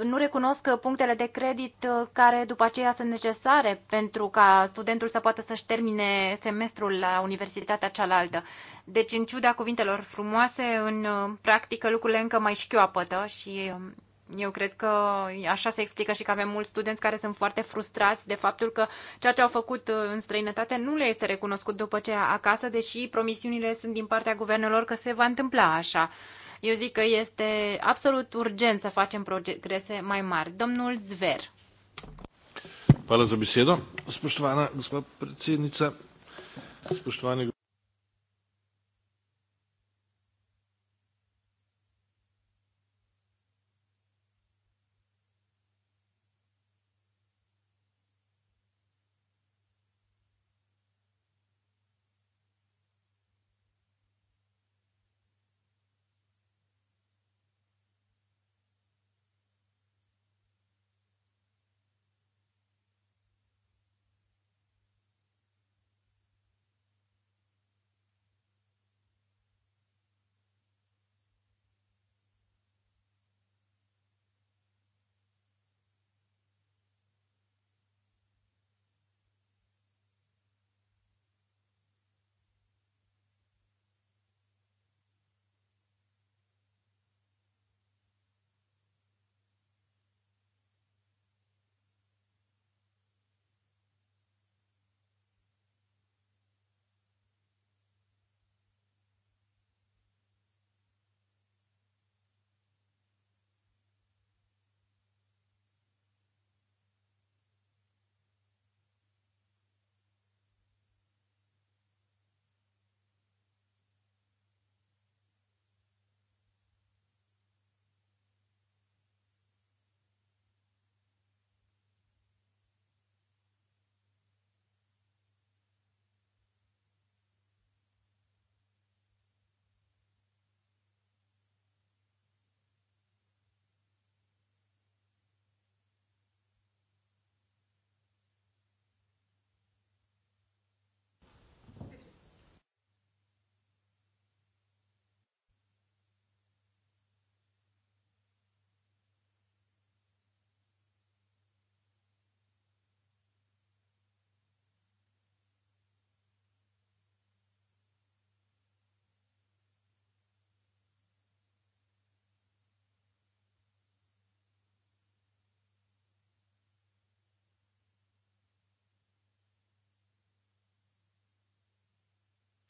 nu recunosc punctele de credit uh, care după aceea sunt necesare pentru ca studentul să poată să-și termine semestrul la universitatea cealaltă. Deci, în ciuda cuvintelor frumoase, în uh, practică lucrurile încă mai șchioapătă și um, eu cred că așa se explică și că avem mulți studenți care sunt foarte frustrați de faptul că ceea ce au făcut uh, în străinătate nu le este recunoscut după ce acasă, deși promisiunile sunt din partea guvernelor că se va întâmpla așa. Eu zic că este absolut urgent să facem progrese mai mari. Domnul Zver. Hvala za besedo. Spoštovana gospod predsednica, spoštovani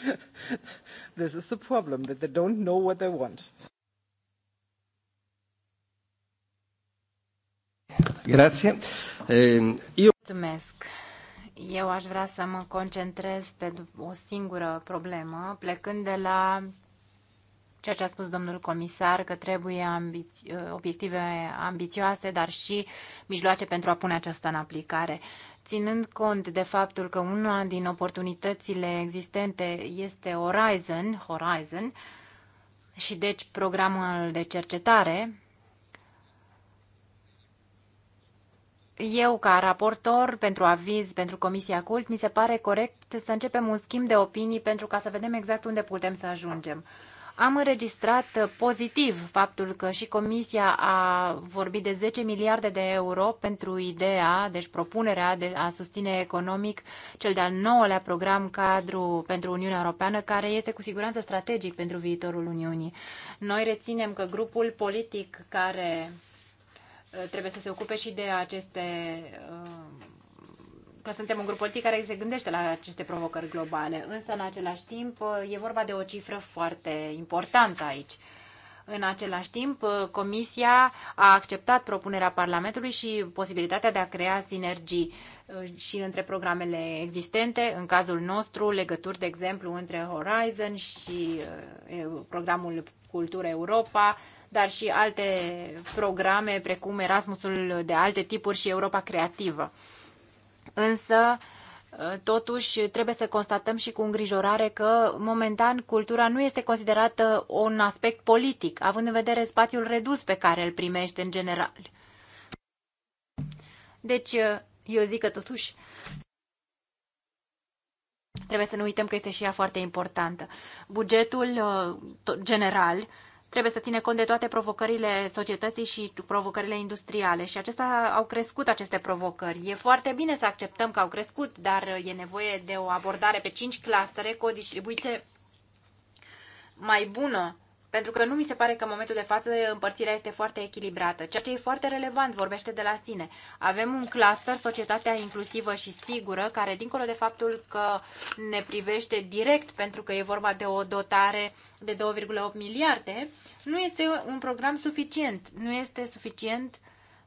this is the problem, that they don't know what they want. Eh, Eu... Mulțumesc. Eu aș vrea să mă concentrez pe o singură problemă, plecând de la ceea ce a spus domnul comisar, că trebuie ambiți- obiective ambițioase, dar și mijloace pentru a pune aceasta în aplicare ținând cont de faptul că una din oportunitățile existente este Horizon, Horizon și deci programul de cercetare, eu ca raportor pentru aviz pentru Comisia Cult, mi se pare corect să începem un schimb de opinii pentru ca să vedem exact unde putem să ajungem. Am înregistrat pozitiv faptul că și Comisia a vorbit de 10 miliarde de euro pentru ideea, deci propunerea de a susține economic cel de-al nouălea program cadru pentru Uniunea Europeană, care este cu siguranță strategic pentru viitorul Uniunii. Noi reținem că grupul politic care uh, trebuie să se ocupe și de aceste uh, că suntem un grup politic care se gândește la aceste provocări globale, însă în același timp e vorba de o cifră foarte importantă aici. În același timp, Comisia a acceptat propunerea Parlamentului și posibilitatea de a crea sinergii uh, și între programele existente, în cazul nostru, legături, de exemplu, între Horizon și uh, programul Cultura Europa, dar și alte programe precum Erasmusul de alte tipuri și Europa Creativă însă Totuși, trebuie să constatăm și cu îngrijorare că, momentan, cultura nu este considerată un aspect politic, având în vedere spațiul redus pe care îl primește în general. Deci, eu zic că, totuși, trebuie să nu uităm că este și ea foarte importantă. Bugetul uh, general trebuie să ține cont de toate provocările societății și provocările industriale și acestea au crescut aceste provocări. E foarte bine să acceptăm că au crescut, dar e nevoie de o abordare pe cinci clastere cu o distribuție mai bună pentru că nu mi se pare că în momentul de față împărțirea este foarte echilibrată, ceea ce e foarte relevant, vorbește de la sine. Avem un cluster, societatea inclusivă și sigură, care, dincolo de faptul că ne privește direct, pentru că e vorba de o dotare de 2,8 miliarde, nu este un program suficient. Nu este suficient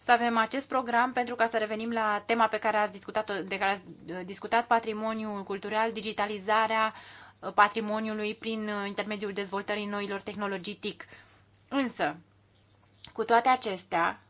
să avem acest program pentru ca să revenim la tema pe care ați discutat de care ați discutat patrimoniul cultural, digitalizarea, Uh, patrimoniului prin uh, intermediul dezvoltării noilor tehnologii TIC. Însă, cu toate acestea,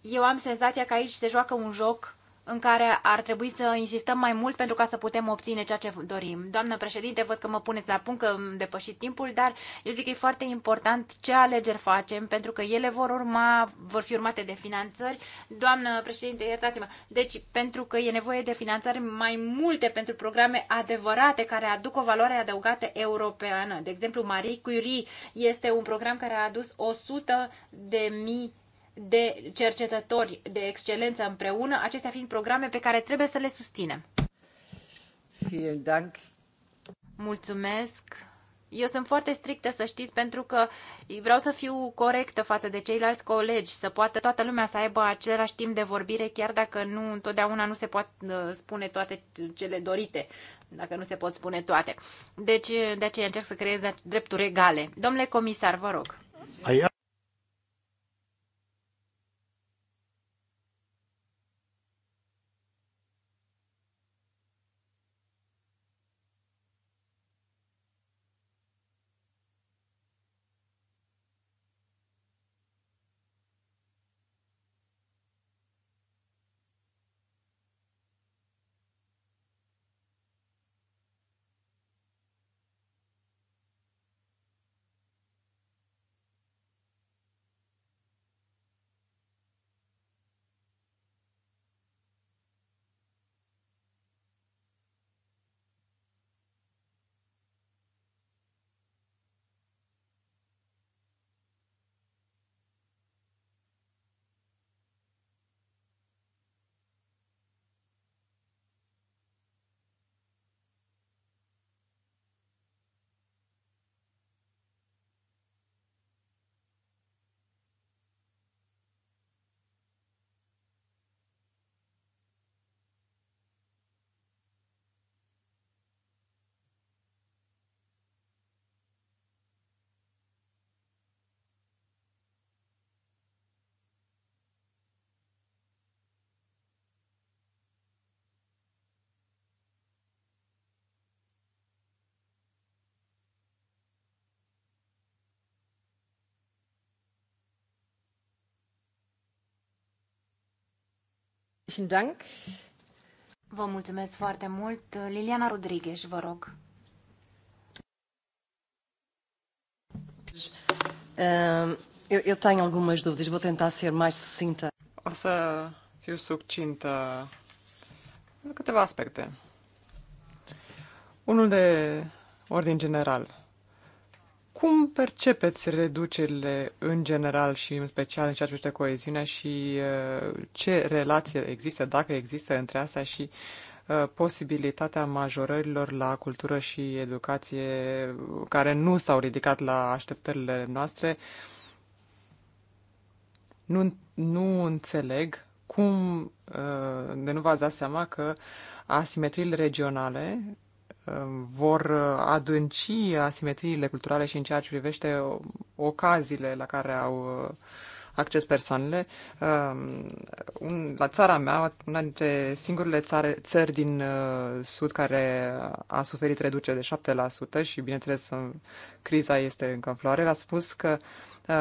eu am senzația că aici se joacă un joc în care ar trebui să insistăm mai mult pentru ca să putem obține ceea ce dorim. Doamnă președinte, văd că mă puneți la punct, că am depășit timpul, dar eu zic că e foarte important ce alegeri facem, pentru că ele vor urma, vor fi urmate de finanțări. Doamnă președinte, iertați-mă, deci pentru că e nevoie de finanțări mai multe pentru programe adevărate care aduc o valoare adăugată europeană. De exemplu, Marie Curie este un program care a adus 100 de mii de cercetători de excelență împreună, acestea fiind programe pe care trebuie să le susținem. Mulțumesc! Eu sunt foarte strictă, să știți, pentru că vreau să fiu corectă față de ceilalți colegi, să poată toată lumea să aibă același timp de vorbire, chiar dacă nu întotdeauna nu se pot uh, spune toate cele dorite, dacă nu se pot spune toate. Deci, de aceea încerc să creez drepturi egale. Domnule comisar, vă rog. Aia. Vă mulțumesc foarte mult. Liliana Rodriguez, vă rog. Ehm, eu, eu tenho algumas dúvidas, vou tentar ser mais O să fiu succintă câteva aspecte. Unul de ordin general. Cum percepeți reducerile în general și în special în ceea ce privește coeziunea și uh, ce relație există, dacă există între astea și uh, posibilitatea majorărilor la cultură și educație care nu s-au ridicat la așteptările noastre? Nu, nu înțeleg cum uh, de nu v-ați dat seama că asimetriile regionale vor adânci asimetriile culturale și în ceea ce privește ocaziile la care au uh, acces persoanele. Um, la țara mea, una dintre singurele țare, țări din uh, Sud care a suferit reducere de 7% și, bineînțeles, criza este încă în floare, a spus că uh, Uh,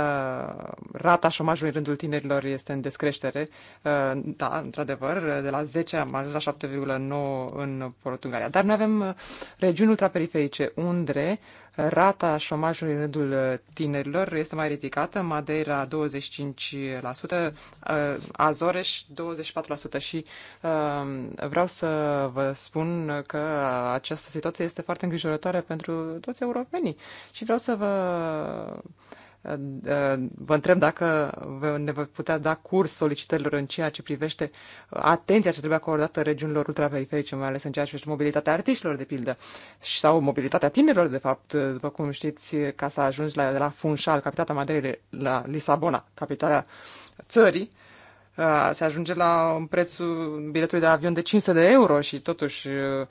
rata șomajului în rândul tinerilor este în descreștere. Uh, da, într-adevăr, de la 10 am ajuns la 7,9 în Portugalia. Dar noi avem uh, regiuni ultraperiferice, Undre, rata șomajului în rândul tinerilor este mai ridicată, Madeira 25%, Azoreș 24% și vreau să vă spun că această situație este foarte îngrijorătoare pentru toți europenii și vreau să vă vă întreb dacă ne vă putea da curs solicitărilor în ceea ce privește atenția ce trebuie acordată regiunilor ultraperiferice, mai ales în ceea ce privește mobilitatea artiștilor, de pildă, sau mobilitatea tinerilor, de fapt, după cum știți, ca să ajungi la, de la Funchal, capitala Madeirei, la Lisabona, capitala țării, Uh, se ajunge la un prețul biletului de avion de 500 de euro și totuși uh,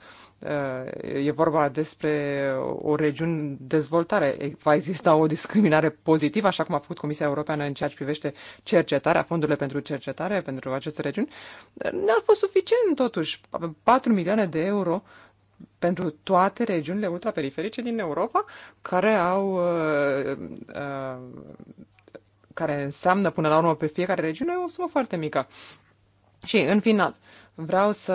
e vorba despre o regiune dezvoltare. Va exista o discriminare pozitivă, așa cum a făcut Comisia Europeană în ceea ce privește cercetarea, fondurile pentru cercetare pentru aceste regiuni. Ne-ar fost suficient totuși 4 milioane de euro pentru toate regiunile ultraperiferice din Europa care au uh, uh, care înseamnă până la urmă pe fiecare regiune, e o sumă foarte mică. Și, în final, vreau să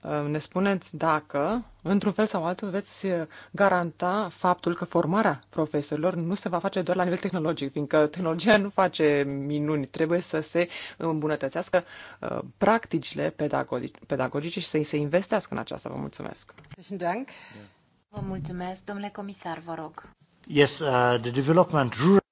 uh, ne spuneți dacă, într-un fel sau altul, veți uh, garanta faptul că formarea profesorilor nu se va face doar la nivel tehnologic, fiindcă tehnologia nu face minuni, trebuie să se îmbunătățească uh, practicile pedagogice, și să se investească în aceasta. Vă mulțumesc! Vă mulțumesc, domnule comisar, vă rog! Yes, uh, the development rural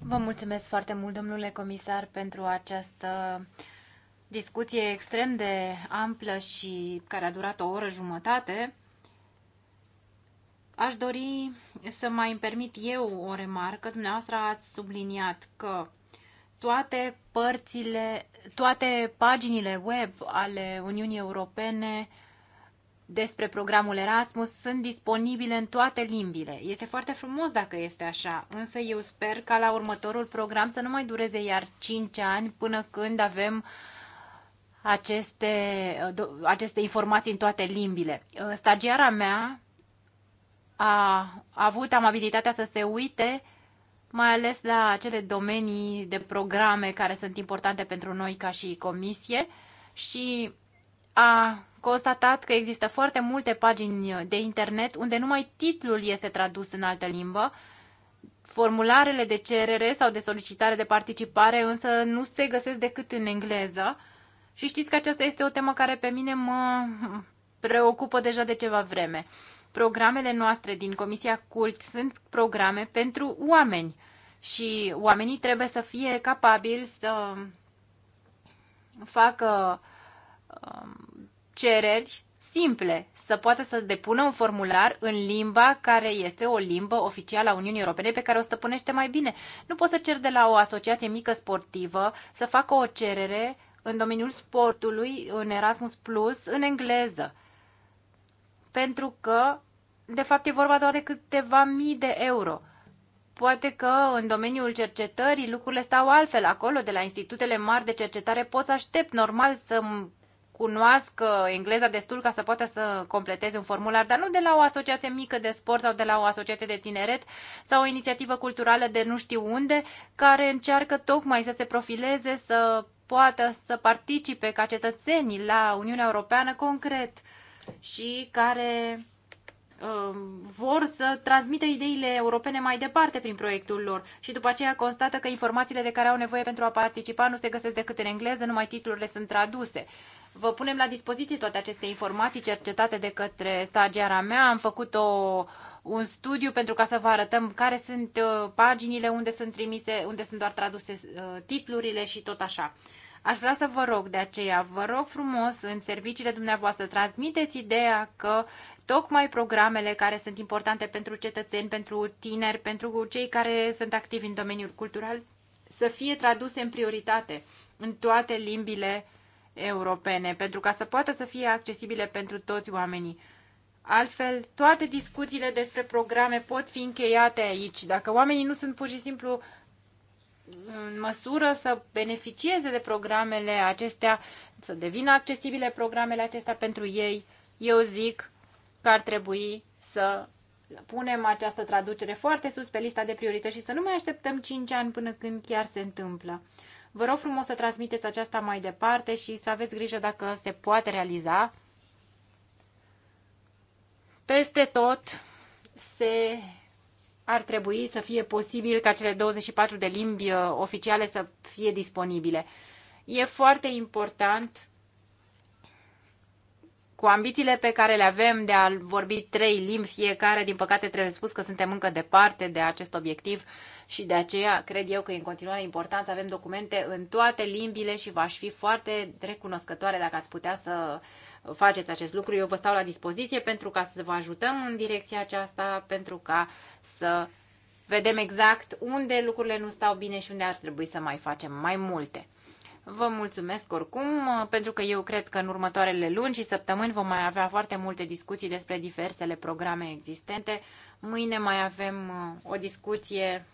Vă mulțumesc foarte mult, domnule comisar, pentru această discuție extrem de amplă și care a durat o oră jumătate. Aș dori să mai îmi permit eu o remarcă. Dumneavoastră ați subliniat că toate părțile, toate paginile web ale Uniunii Europene despre programul Erasmus sunt disponibile în toate limbile. Este foarte frumos dacă este așa, însă eu sper ca la următorul program să nu mai dureze iar 5 ani până când avem aceste, aceste informații în toate limbile. Uh, stagiara mea a avut amabilitatea să se uite mai ales la acele domenii de programe care sunt importante pentru noi ca și comisie și a constatat că există foarte multe pagini de internet unde numai titlul este tradus în altă limbă, formularele de cerere sau de solicitare de participare însă nu se găsesc decât în engleză. Și știți că aceasta este o temă care pe mine mă preocupă deja de ceva vreme. Programele noastre din Comisia Cult sunt programe pentru oameni și oamenii trebuie să fie capabili să facă um, cereri simple, să poată să depună un formular în limba care este o limbă oficială a Uniunii Europene pe care o stăpânește mai bine. Nu poți să ceri de la o asociație mică sportivă să facă o cerere în domeniul sportului, în Erasmus Plus, în engleză. Pentru că, de fapt, e vorba doar de câteva mii de euro. Poate că în domeniul cercetării lucrurile stau altfel. Acolo, de la institutele mari de cercetare, poți aștept normal să cunoască engleza destul ca să poată să completeze un formular, dar nu de la o asociație mică de sport sau de la o asociație de tineret sau o inițiativă culturală de nu știu unde, care încearcă tocmai să se profileze, să poată să participe ca cetățenii la Uniunea Europeană concret și care um, vor să transmită ideile europene mai departe prin proiectul lor și după aceea constată că informațiile de care au nevoie pentru a participa nu se găsesc decât în engleză, numai titlurile sunt traduse. Vă punem la dispoziție toate aceste informații cercetate de către stagiara mea. Am făcut o, un studiu pentru ca să vă arătăm care sunt uh, paginile, unde sunt trimise, unde sunt doar traduse uh, titlurile și tot așa. Aș vrea să vă rog de aceea, vă rog frumos în serviciile dumneavoastră, transmiteți ideea că tocmai programele care sunt importante pentru cetățeni, pentru tineri, pentru cei care sunt activi în domeniul cultural, să fie traduse în prioritate în toate limbile europene, pentru ca să poată să fie accesibile pentru toți oamenii. Altfel, toate discuțiile despre programe pot fi încheiate aici. Dacă oamenii nu sunt pur și simplu în măsură să beneficieze de programele acestea, să devină accesibile programele acestea pentru ei, eu zic că ar trebui să punem această traducere foarte sus pe lista de priorități și să nu mai așteptăm 5 ani până când chiar se întâmplă. Vă rog frumos să transmiteți aceasta mai departe și să aveți grijă dacă se poate realiza. Peste tot se ar trebui să fie posibil ca cele 24 de limbi uh, oficiale să fie disponibile. E foarte important cu ambițiile pe care le avem de a vorbi trei limbi fiecare, din păcate trebuie spus că suntem încă departe de acest obiectiv, și de aceea cred eu că e în continuare important să avem documente în toate limbile și v-aș fi foarte recunoscătoare dacă ați putea să faceți acest lucru. Eu vă stau la dispoziție pentru ca să vă ajutăm în direcția aceasta, pentru ca să vedem exact unde lucrurile nu stau bine și unde ar trebui să mai facem mai multe. Vă mulțumesc oricum, pentru că eu cred că în următoarele luni și săptămâni vom mai avea foarte multe discuții despre diversele programe existente. Mâine mai avem uh, o discuție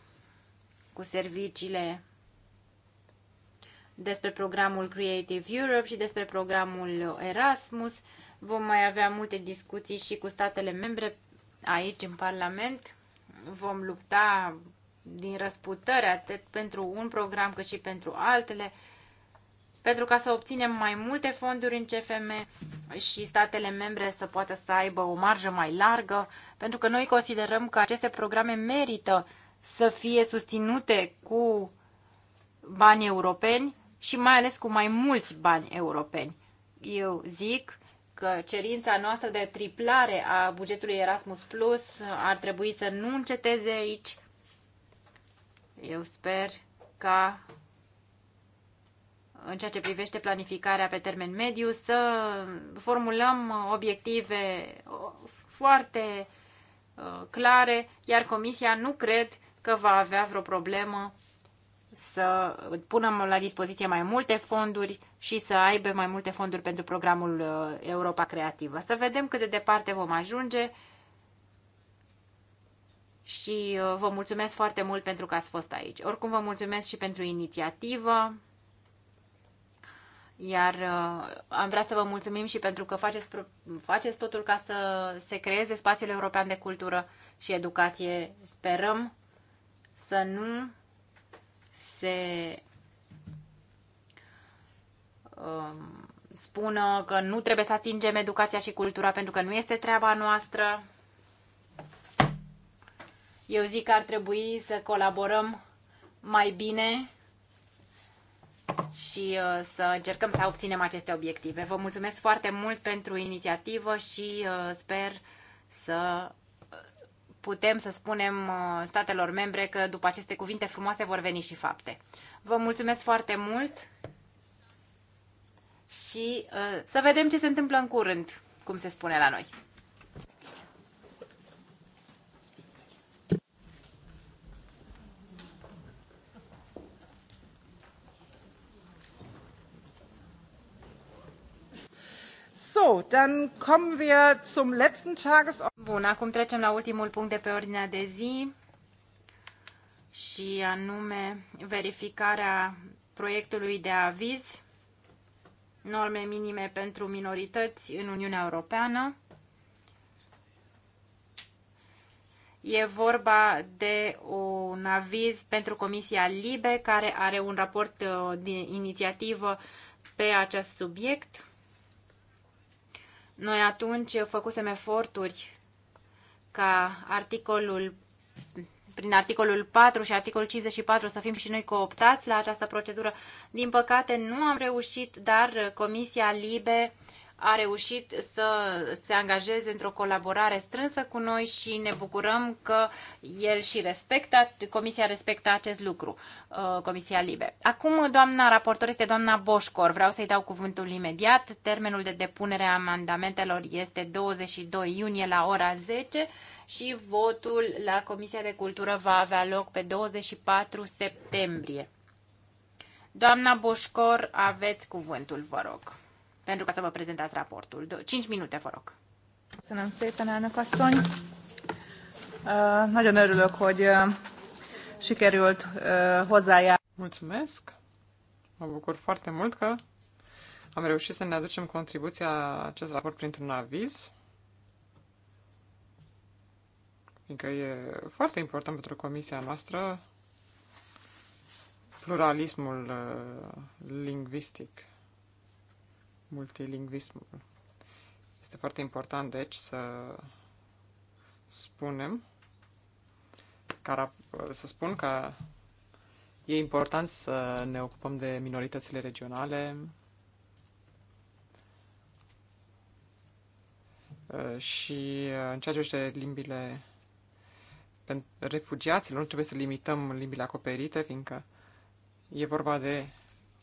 cu serviciile despre programul Creative Europe și despre programul Erasmus. Vom mai avea multe discuții și cu statele membre aici în Parlament. Vom lupta din răsputări atât pentru un program cât și pentru altele pentru ca să obținem mai multe fonduri în CFM și statele membre să poată să aibă o marjă mai largă, pentru că noi considerăm că aceste programe merită să fie susținute cu bani europeni și mai ales cu mai mulți bani europeni. Eu zic că cerința noastră de triplare a bugetului Erasmus Plus ar trebui să nu înceteze aici. Eu sper ca în ceea ce privește planificarea pe termen mediu să formulăm obiective foarte uh, clare, iar Comisia nu cred că va avea vreo problemă să punem la dispoziție mai multe fonduri și să aibă mai multe fonduri pentru programul uh, Europa Creativă. Să vedem cât de departe vom ajunge și uh, vă mulțumesc foarte mult pentru că ați fost aici. Oricum vă mulțumesc și pentru inițiativă, iar uh, am vrea să vă mulțumim și pentru că faceți, faceți totul ca să se creeze spațiul european de cultură și educație, sperăm să nu se um, spună că nu trebuie să atingem educația și cultura pentru că nu este treaba noastră. Eu zic că ar trebui să colaborăm mai bine și uh, să încercăm să obținem aceste obiective. Vă mulțumesc foarte mult pentru inițiativă și uh, sper să putem să spunem uh, statelor membre că după aceste cuvinte frumoase vor veni și fapte. Vă mulțumesc foarte mult și uh, să vedem ce se întâmplă în curând, cum se spune la noi. So, dann kommen wir zum letzten Tagesordnungspunkt. Bun, acum trecem la ultimul punct de pe ordinea de zi și anume verificarea proiectului de aviz norme minime pentru minorități în Uniunea Europeană. E vorba de un aviz pentru Comisia LIBE care are un raport uh, de inițiativă pe acest subiect. Noi atunci făcusem eforturi ca articolul prin articolul 4 și articolul 54 să fim și noi cooptați la această procedură. Din păcate nu am reușit, dar Comisia Libe a reușit să se angajeze într-o colaborare strânsă cu noi și ne bucurăm că el și respectă, comisia respectă acest lucru, uh, Comisia Libe. Acum, doamna raportor este doamna Boșcor. Vreau să-i dau cuvântul imediat. Termenul de depunere a amendamentelor este 22 iunie la ora 10 și votul la Comisia de Cultură va avea loc pe 24 septembrie. Doamna Boșcor, aveți cuvântul, vă rog pentru ca să vă prezentați raportul. 5 minute, vă rog. Köszönöm szépen, elnök asszony. Nagyon örülök, hogy sikerült hozzájárulni. Mulțumesc. Mă bucur foarte mult că am reușit să ne aducem contribuția la acest raport printr-un aviz. Fiindcă e foarte important pentru comisia noastră pluralismul lingvistic multilingvismul. Este foarte important, deci, să spunem ca, să spun că e important să ne ocupăm de minoritățile regionale uh, și uh, în ceea ce privește limbile refugiaților, nu trebuie să limităm limbile acoperite, fiindcă e vorba de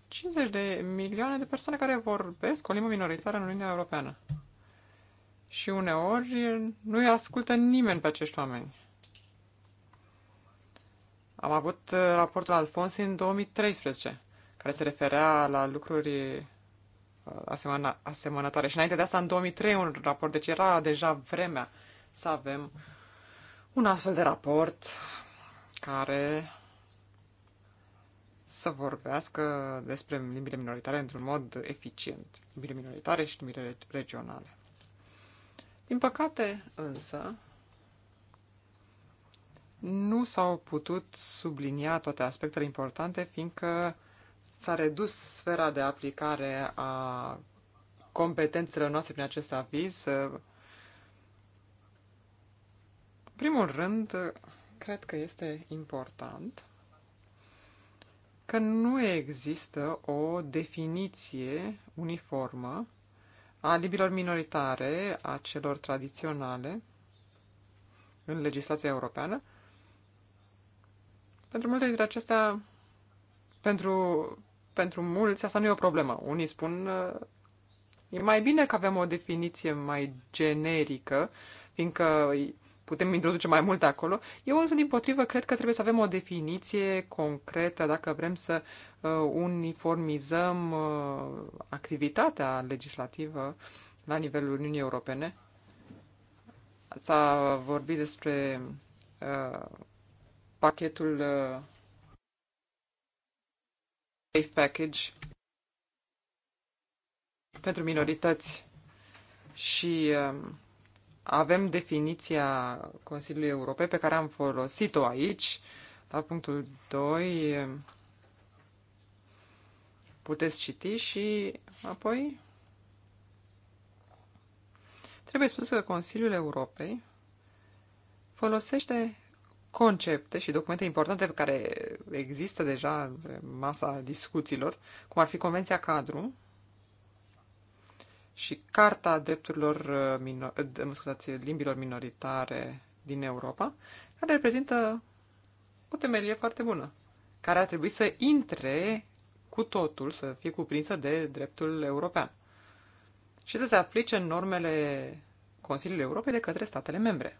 50 de milioane de persoane care vorbesc o limbă minoritară în Uniunea Europeană. Și uneori nu-i ascultă nimeni pe acești oameni. Am avut uh, raportul Alfonsi în 2013, care se referea la lucruri uh, asemănătoare. Și înainte de asta, în 2003, un raport. Deci era deja vremea să avem un astfel de raport care să vorbească despre limbile minoritare într-un mod eficient, limbile minoritare și limbile regionale. Din păcate, însă, nu s-au putut sublinia toate aspectele importante, fiindcă s-a redus sfera de aplicare a competențelor noastre prin acest aviz. Primul rând, cred că este important că nu există o definiție uniformă a limbilor minoritare, a celor tradiționale în legislația europeană. Pentru multe dintre acestea, pentru, pentru mulți, asta nu e o problemă. Unii spun, e mai bine că avem o definiție mai generică, fiindcă putem introduce mai mult acolo. Eu însă, din potrivă, cred că trebuie să avem o definiție concretă dacă vrem să uh, uniformizăm uh, activitatea legislativă la nivelul Uniunii Europene. S-a vorbit despre uh, pachetul uh, Safe Package pentru minorități și uh, avem definiția Consiliului Europei pe care am folosit-o aici, la punctul 2. Puteți citi și apoi trebuie spus că Consiliul Europei folosește concepte și documente importante pe care există deja în masa discuțiilor, cum ar fi Convenția Cadru, și Carta Drepturilor uh, minor, uh, scuzați, Limbilor Minoritare din Europa, care reprezintă o temelie foarte bună, care ar trebui să intre cu totul, să fie cuprinsă de dreptul european și să se aplice normele Consiliului Europei de către statele membre.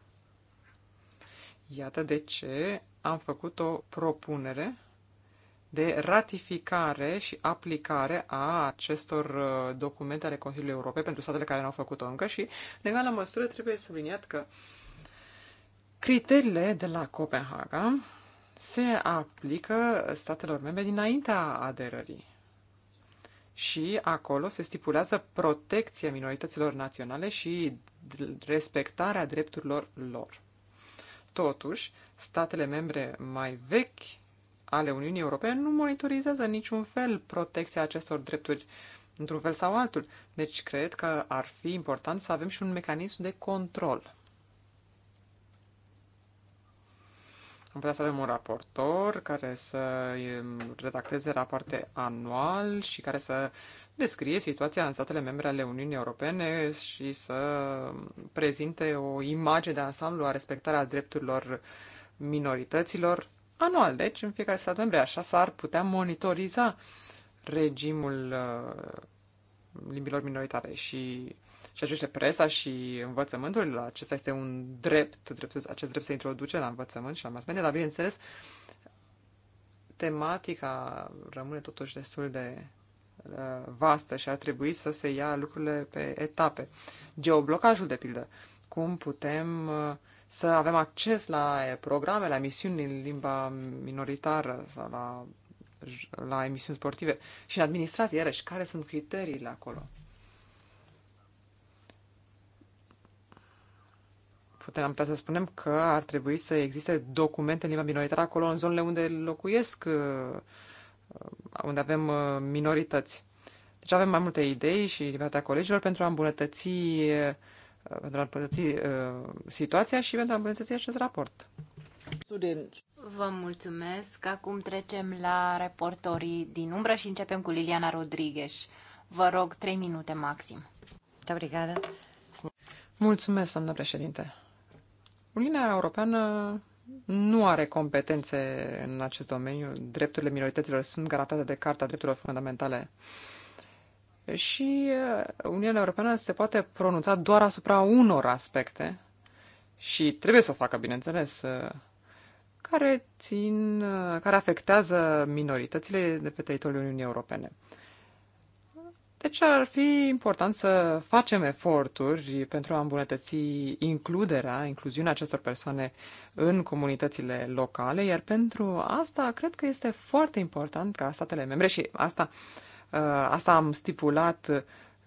Iată de ce am făcut o propunere de ratificare și aplicare a acestor uh, documente ale Consiliului Europei pentru statele care nu au făcut-o încă și, în egală măsură, trebuie subliniat că criteriile de la Copenhaga se aplică statelor membre dinaintea aderării. Și acolo se stipulează protecția minorităților naționale și respectarea drepturilor lor. Totuși, statele membre mai vechi ale Uniunii Europene nu monitorizează niciun fel protecția acestor drepturi într-un fel sau altul. Deci cred că ar fi important să avem și un mecanism de control. Am putea să avem un raportor care să redacteze rapoarte anual și care să descrie situația în statele membre ale Uniunii Europene și să prezinte o imagine de ansamblu a respectarea drepturilor minorităților anual, deci în fiecare stat membru, Așa s-ar putea monitoriza regimul uh, limbilor minoritare și și ajunge presa și învățământul, acesta este un drept, drept, acest drept se introduce la învățământ și la mass media, dar bineînțeles tematica rămâne totuși destul de uh, vastă și ar trebui să se ia lucrurile pe etape. Geoblocajul, de pildă. Cum putem uh, să avem acces la programe, la emisiuni în limba minoritară sau la, la emisiuni sportive și în administrație, iarăși, care sunt criteriile acolo? putem am putea să spunem că ar trebui să existe documente în limba minoritară acolo în zonele unde locuiesc, uh, uh, unde avem uh, minorități. Deci avem mai multe idei și libertatea colegilor pentru a îmbunătăți pentru a îmbunătăți uh, situația și pentru a îmbunătăți acest raport. Student. Vă mulțumesc. Acum trecem la reportorii din umbră și începem cu Liliana Rodriguez. Vă rog, trei minute maxim. Obrigada. Mulțumesc, doamnă președinte. Uniunea Europeană nu are competențe în acest domeniu. Drepturile minorităților sunt garantate de Carta Drepturilor Fundamentale și uh, Uniunea Europeană se poate pronunța doar asupra unor aspecte și trebuie să o facă, bineînțeles, uh, care țin, uh, care afectează minoritățile de pe teritoriul Uniunii Europene. Deci ar fi important să facem eforturi pentru a îmbunătăți includerea, incluziunea acestor persoane în comunitățile locale, iar pentru asta cred că este foarte important ca statele membre și asta uh, Uh, asta am stipulat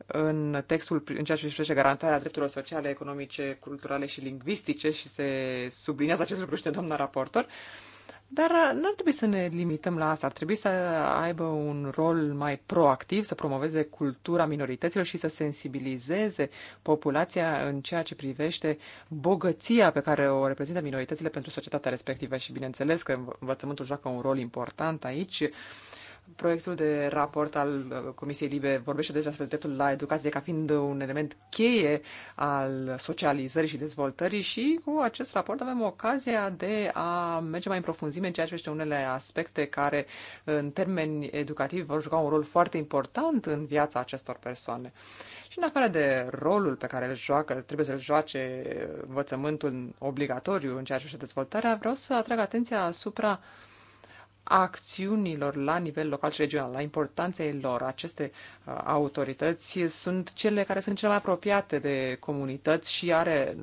în textul în ceea ce privește garantarea drepturilor sociale, economice, culturale și lingvistice și se subliniază acest lucru și de doamna raportor. Dar uh, nu ar trebui să ne limităm la asta, ar trebui să aibă un rol mai proactiv, să promoveze cultura minorităților și să sensibilizeze populația în ceea ce privește bogăția pe care o reprezintă minoritățile pentru societatea respectivă. Și bineînțeles că învățământul joacă un rol important aici Proiectul de raport al uh, Comisiei Libe vorbește deja despre dreptul la educație ca fiind un element cheie al socializării și dezvoltării și cu acest raport avem ocazia de a merge mai în profunzime în ceea ce privește unele aspecte care uh, în termeni educativi vor juca un rol foarte important în viața acestor persoane. Și în afară de rolul pe care îl joacă, trebuie să-l joace învățământul obligatoriu în ceea ce privește dezvoltarea, vreau să atrag atenția asupra uh, acțiunilor la nivel local și regional, la importanța lor. Aceste uh, autorități sunt cele care sunt cele mai apropiate de comunități și are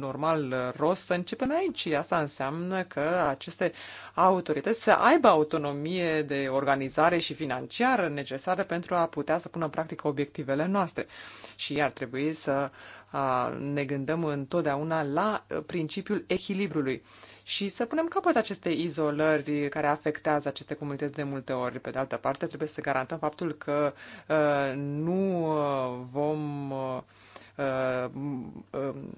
normal rost să începem aici. Asta înseamnă că aceste autorități să aibă autonomie de organizare și financiară necesară pentru a putea să pună în practică obiectivele noastre. Și ar trebui să uh, ne gândăm întotdeauna la uh, principiul echilibrului și să punem capăt acestei izolări care afectează aceste comunități de multe ori. Pe de altă parte, trebuie să garantăm faptul că uh, nu uh, vom uh, uh, um,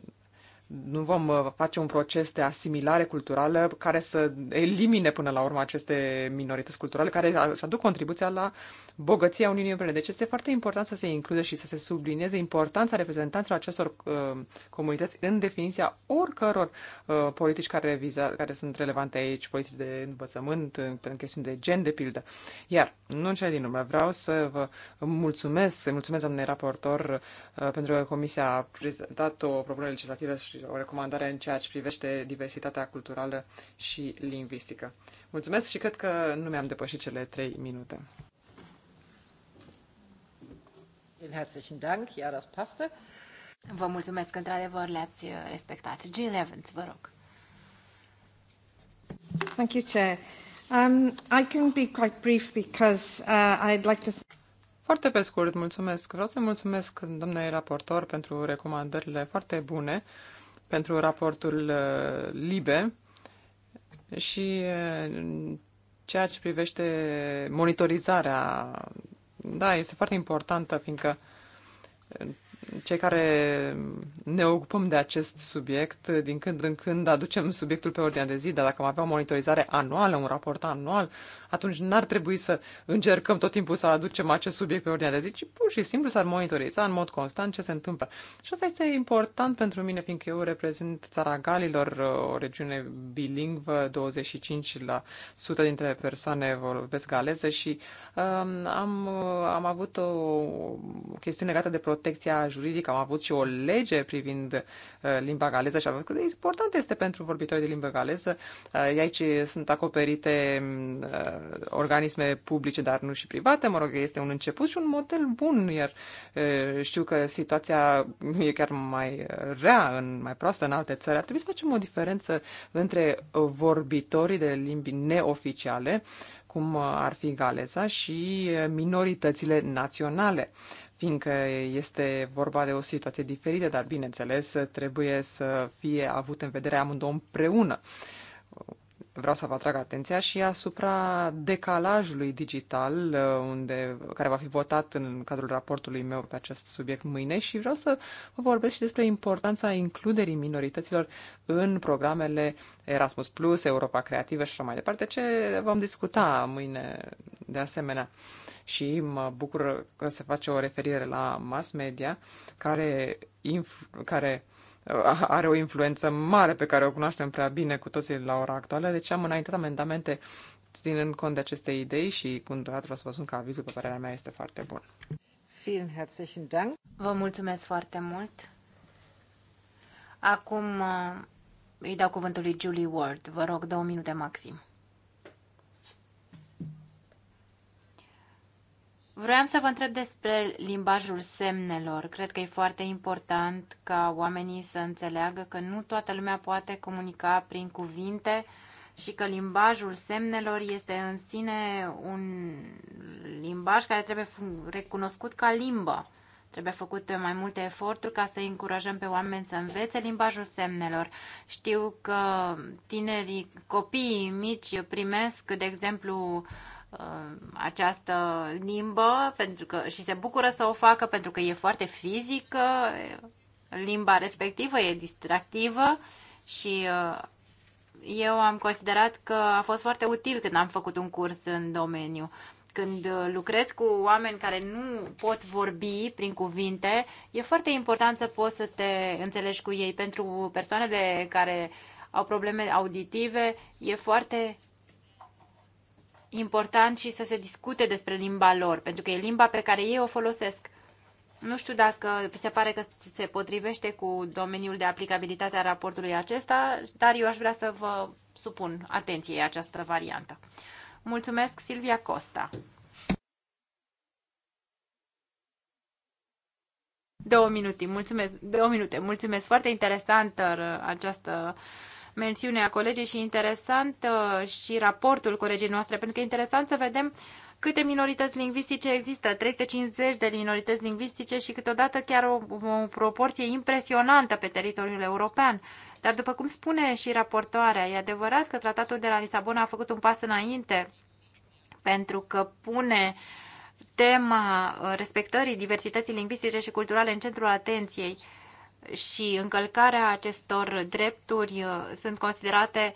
nu vom uh, face un proces de asimilare culturală care să elimine până la urmă aceste minorități culturale care să aduc contribuția la bogăția Uniunii Europene. Deci este foarte important să se includă și să se sublinieze importanța reprezentanților acestor uh, comunități în definiția oricăror uh, politici care, viza, care sunt relevante aici, politici de învățământ, în, în chestiuni de gen, de pildă. Iar, nu în cele din urmă, vreau să vă mulțumesc, să mulțumesc doamnei raportor uh, pentru că Comisia a prezentat o propunere legislativă și o recomandare în ceea ce privește diversitatea culturală și lingvistică. Mulțumesc și cred că nu mi-am depășit cele trei minute. Vă mulțumesc, într-adevăr, le-ați uh, respectat. Jill Evans, vă rog. Thank you, Chair. Um, I can be quite brief because uh, I'd like to... Foarte pe scurt, mulțumesc. Vreau să mulțumesc domnului raportor pentru recomandările foarte bune, pentru raportul uh, LIBE și uh, ceea ce privește monitorizarea da, este foarte importantă, fiindcă cei care ne ocupăm de acest subiect, din când în când aducem subiectul pe ordinea de zi, dar dacă am avea o monitorizare anuală, un raport anual, atunci n-ar trebui să încercăm tot timpul să aducem acest subiect pe ordinea de zi, ci pur și simplu să ar monitoriza în mod constant ce se întâmplă. Și asta este important pentru mine, fiindcă eu reprezint țara Galilor, o regiune bilingvă, 25% la sută dintre persoane vorbesc galeză și um, am, am avut o chestiune legată de protecția juridic, am avut și o lege privind uh, limba galeză și am văzut cât de important este pentru vorbitorii de limba galeză. Uh, aici sunt acoperite mm, uh, organisme publice, dar nu și private. Mă rog, este un început și un model bun, iar știu că situația e chiar mai rea, în, mai proastă în alte țări. Ar trebui să facem o diferență între vorbitorii de limbi neoficiale cum ar fi galeza și minoritățile naționale fiindcă este vorba de o situație diferită, dar bineînțeles trebuie să fie avut în vedere amândouă împreună. Vreau să vă atrag atenția și asupra decalajului digital, uh, unde, care va fi votat în cadrul raportului meu pe acest subiect mâine și vreau să vă vorbesc și despre importanța includerii minorităților în programele Erasmus+, Europa Creativă și așa mai departe, ce vom discuta mâine de asemenea și mă bucur că se face o referire la mass media care, inf- care uh, are o influență mare pe care o cunoaștem prea bine cu toții la ora actuală, deci am înaintat amendamente ținând cont de aceste idei și cu îndată vreau să vă spun că avizul pe părerea mea este foarte bun. Vielen herzlichen Dank. Vă mulțumesc foarte mult. Acum uh, îi dau cuvântul lui Julie Ward. Vă rog două minute maxim. Vreau să vă întreb despre limbajul semnelor. Cred că e foarte important ca oamenii să înțeleagă că nu toată lumea poate comunica prin cuvinte și că limbajul semnelor este în sine un limbaj care trebuie recunoscut ca limbă. Trebuie făcut mai multe eforturi ca să încurajăm pe oameni să învețe limbajul semnelor. Știu că tinerii, copiii mici primesc, de exemplu, Uh, această limbă pentru că, și se bucură să o facă pentru că e foarte fizică, limba respectivă e distractivă și uh, eu am considerat că a fost foarte util când am făcut un curs în domeniu. Când uh, lucrez cu oameni care nu pot vorbi prin cuvinte, e foarte important să poți să te înțelegi cu ei. Pentru persoanele care au probleme auditive, e foarte important și să se discute despre limba lor, pentru că e limba pe care ei o folosesc. Nu știu dacă vi se pare că se potrivește cu domeniul de aplicabilitate a raportului acesta, dar eu aș vrea să vă supun atenției această variantă. Mulțumesc, Silvia Costa. Două minute, mulțumesc, două minute, mulțumesc. Foarte interesantă această uh, mențiunea colegii și interesant uh, și raportul colegii noastre, pentru că e interesant să vedem câte minorități lingvistice există, 350 de minorități lingvistice și câteodată chiar o, o proporție impresionantă pe teritoriul european. Dar după cum spune și raportoarea, e adevărat că tratatul de la Lisabona a făcut un pas înainte pentru că pune tema respectării diversității lingvistice și culturale în centrul atenției și încălcarea acestor drepturi uh, sunt considerate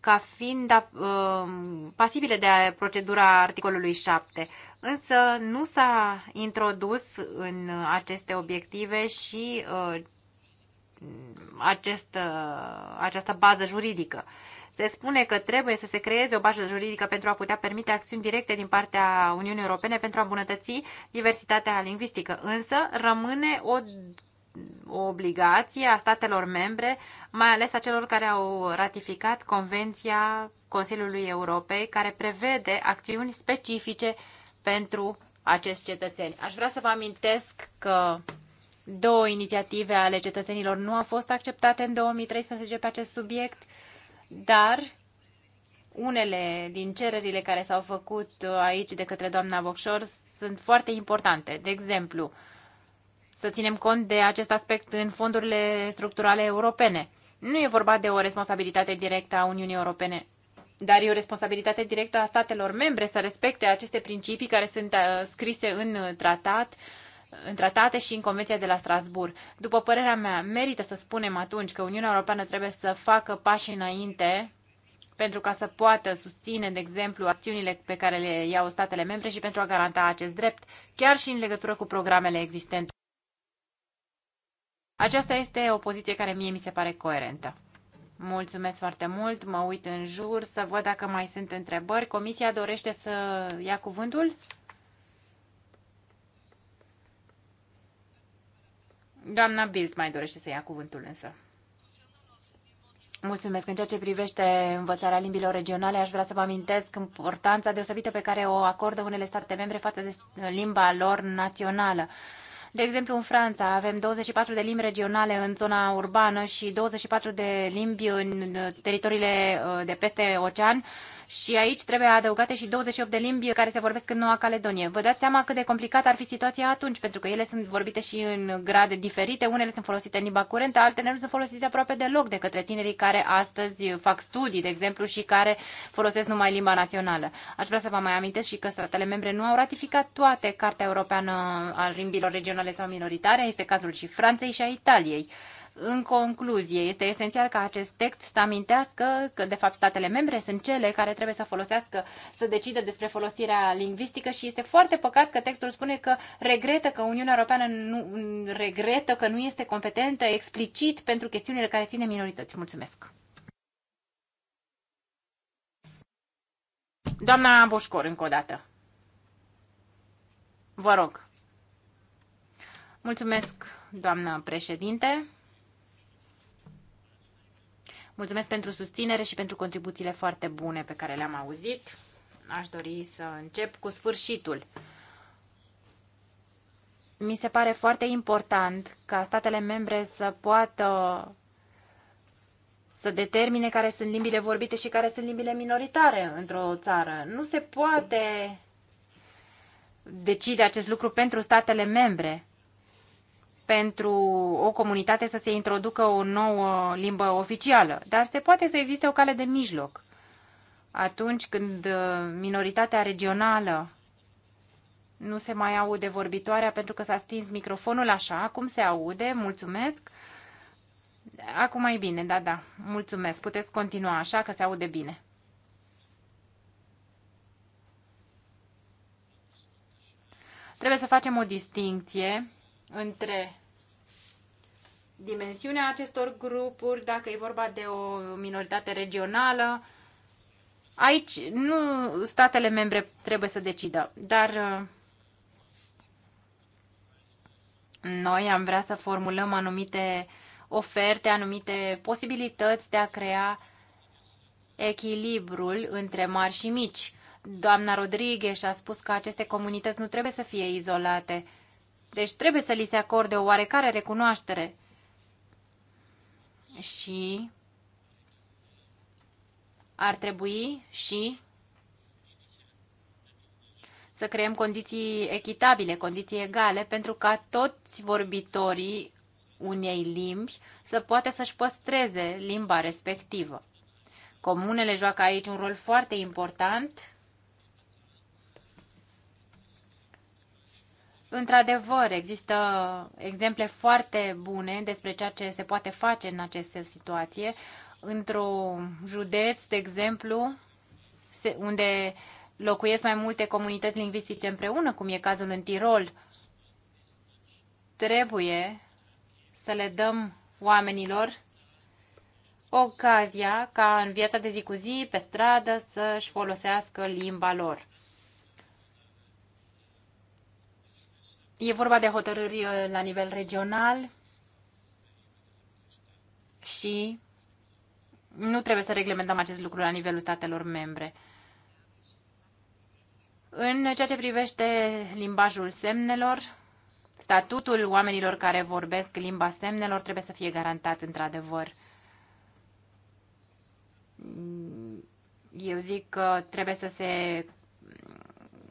ca fiind uh, pasibile de procedura articolului 7. Însă nu s-a introdus în aceste obiective și uh, acest, această bază juridică. Se spune că trebuie să se creeze o bază juridică pentru a putea permite acțiuni directe din partea Uniunii Europene pentru a îmbunătăți diversitatea lingvistică, însă rămâne o o obligație a statelor membre, mai ales a celor care au ratificat Convenția Consiliului Europei, care prevede acțiuni specifice pentru acești cetățeni. Aș vrea să vă amintesc că două inițiative ale cetățenilor nu au fost acceptate în 2013 pe acest subiect dar unele din cererile care s-au făcut aici de către doamna Vocșor sunt foarte importante. De exemplu, să ținem cont de acest aspect în fondurile structurale europene. Nu e vorba de o responsabilitate directă a Uniunii Europene, dar e o responsabilitate directă a statelor membre să respecte aceste principii care sunt uh, scrise în tratat în tratate și în Convenția de la Strasbourg. După părerea mea, merită să spunem atunci că Uniunea Europeană trebuie să facă pași înainte pentru ca să poată susține, de exemplu, acțiunile pe care le iau statele membre și pentru a garanta acest drept, chiar și în legătură cu programele existente. Aceasta este o poziție care mie mi se pare coerentă. Mulțumesc foarte mult, mă uit în jur să văd dacă mai sunt întrebări. Comisia dorește să ia cuvântul? Doamna Bild mai dorește să ia cuvântul însă. Mulțumesc. În ceea ce privește învățarea limbilor regionale, aș vrea să vă amintesc importanța deosebită pe care o acordă unele state membre față de limba lor națională. De exemplu, în Franța avem 24 de limbi regionale în zona urbană și 24 de limbi în teritoriile uh, de peste ocean și aici trebuie adăugate și 28 de limbi care se vorbesc în Noua Caledonie. Vă dați seama cât de complicată ar fi situația atunci, pentru că ele sunt vorbite și în grade diferite, unele sunt folosite în limba curentă, altele nu sunt folosite aproape deloc de către tinerii care astăzi fac studii, de exemplu, și care folosesc numai limba națională. Aș vrea să vă mai amintesc și că statele membre nu au ratificat toate Cartea Europeană a Limbilor Regionale sau Minoritare, este cazul și Franței și a Italiei. În concluzie, este esențial ca acest text să amintească că, de fapt, statele membre sunt cele care trebuie să folosească, să decidă despre folosirea lingvistică și este foarte păcat că textul spune că regretă că Uniunea Europeană nu, regretă că nu este competentă explicit pentru chestiunile care țin de minorități. Mulțumesc! Doamna Boșcor, încă o dată. Vă rog. Mulțumesc, doamnă președinte. Mulțumesc pentru susținere și pentru contribuțiile foarte bune pe care le-am auzit. Aș dori să încep cu sfârșitul. Mi se pare foarte important ca statele membre să poată să determine care sunt limbile vorbite și care sunt limbile minoritare într-o țară. Nu se poate decide acest lucru pentru statele membre pentru o comunitate să se introducă o nouă limbă oficială, dar se poate să existe o cale de mijloc. Atunci când uh, minoritatea regională nu se mai aude vorbitoarea pentru că s-a stins microfonul așa, acum se aude, mulțumesc. Acum mai bine, da, da, mulțumesc. Puteți continua așa că se aude bine. Trebuie să facem o distinție între dimensiunea acestor grupuri, dacă e vorba de o minoritate regională. Aici nu statele membre trebuie să decidă, dar uh, noi am vrea să formulăm anumite oferte, anumite posibilități de a crea echilibrul între mari și mici. Doamna Rodriguez a spus că aceste comunități nu trebuie să fie izolate, deci trebuie să li se acorde o oarecare recunoaștere. Și ar trebui și să creăm condiții echitabile, condiții egale, pentru ca toți vorbitorii unei limbi să poată să-și păstreze limba respectivă. Comunele joacă aici un rol foarte important Într-adevăr, există exemple foarte bune despre ceea ce se poate face în aceste situație. Într-un județ, de exemplu, unde locuiesc mai multe comunități lingvistice împreună, cum e cazul în Tirol, trebuie să le dăm oamenilor ocazia ca în viața de zi cu zi, pe stradă, să-și folosească limba lor. E vorba de hotărâri uh, la nivel regional și nu trebuie să reglementăm acest lucru la nivelul statelor membre. În ceea ce privește limbajul semnelor, statutul oamenilor care vorbesc limba semnelor trebuie să fie garantat într-adevăr. Eu zic că trebuie să se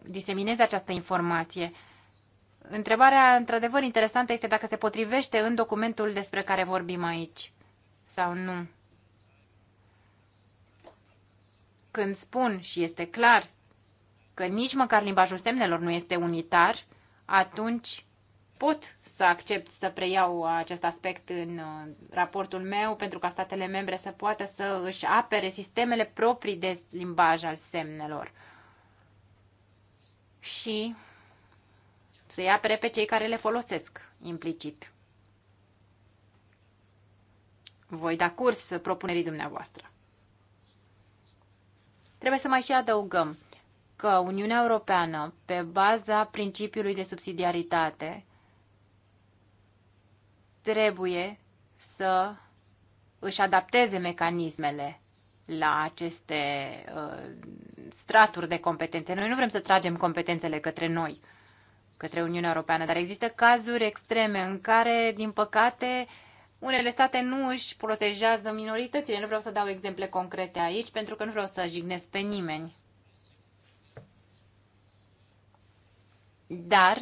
disemineze această informație Întrebarea, într-adevăr, interesantă este dacă se potrivește în documentul despre care vorbim aici sau nu. Când spun și este clar că nici măcar limbajul semnelor nu este unitar, atunci pot să accept să preiau acest aspect în uh, raportul meu pentru ca statele membre să poată să își apere sistemele proprii de limbaj al semnelor. Și să-i apere pe cei care le folosesc implicit. Voi da curs propunerii dumneavoastră. Trebuie să mai și adăugăm că Uniunea Europeană, pe baza principiului de subsidiaritate, trebuie să își adapteze mecanismele la aceste uh, straturi de competențe. Noi nu vrem să tragem competențele către noi către Uniunea Europeană, dar există cazuri extreme în care, din păcate, unele state nu își protejează minoritățile. Nu vreau să dau exemple concrete aici, pentru că nu vreau să jignesc pe nimeni. Dar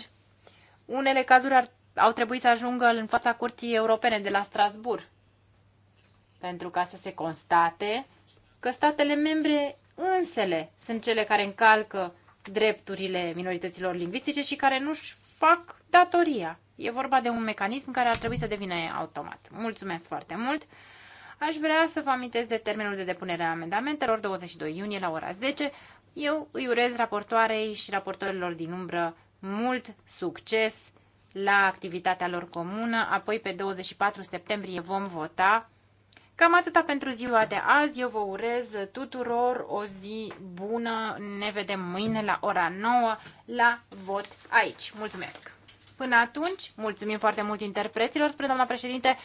unele cazuri ar, au trebuit să ajungă în fața Curții Europene de la Strasbourg, pentru ca să se constate că statele membre însele sunt cele care încalcă drepturile minorităților lingvistice și care nu-și fac datoria. E vorba de un mecanism care ar trebui să devină automat. Mulțumesc foarte mult! Aș vrea să vă amintesc de termenul de depunere a amendamentelor 22 iunie la ora 10. Eu îi urez raportoarei și raportorilor din umbră mult succes la activitatea lor comună. Apoi pe 24 septembrie vom vota Cam atâta pentru ziua de azi. Eu vă urez tuturor o zi bună. Ne vedem mâine la ora 9 la vot aici. Mulțumesc! Până atunci, mulțumim foarte mult interpreților. Spre doamna președinte,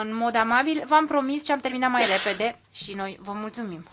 în mod amabil, v-am promis și am terminat mai repede și noi vă mulțumim.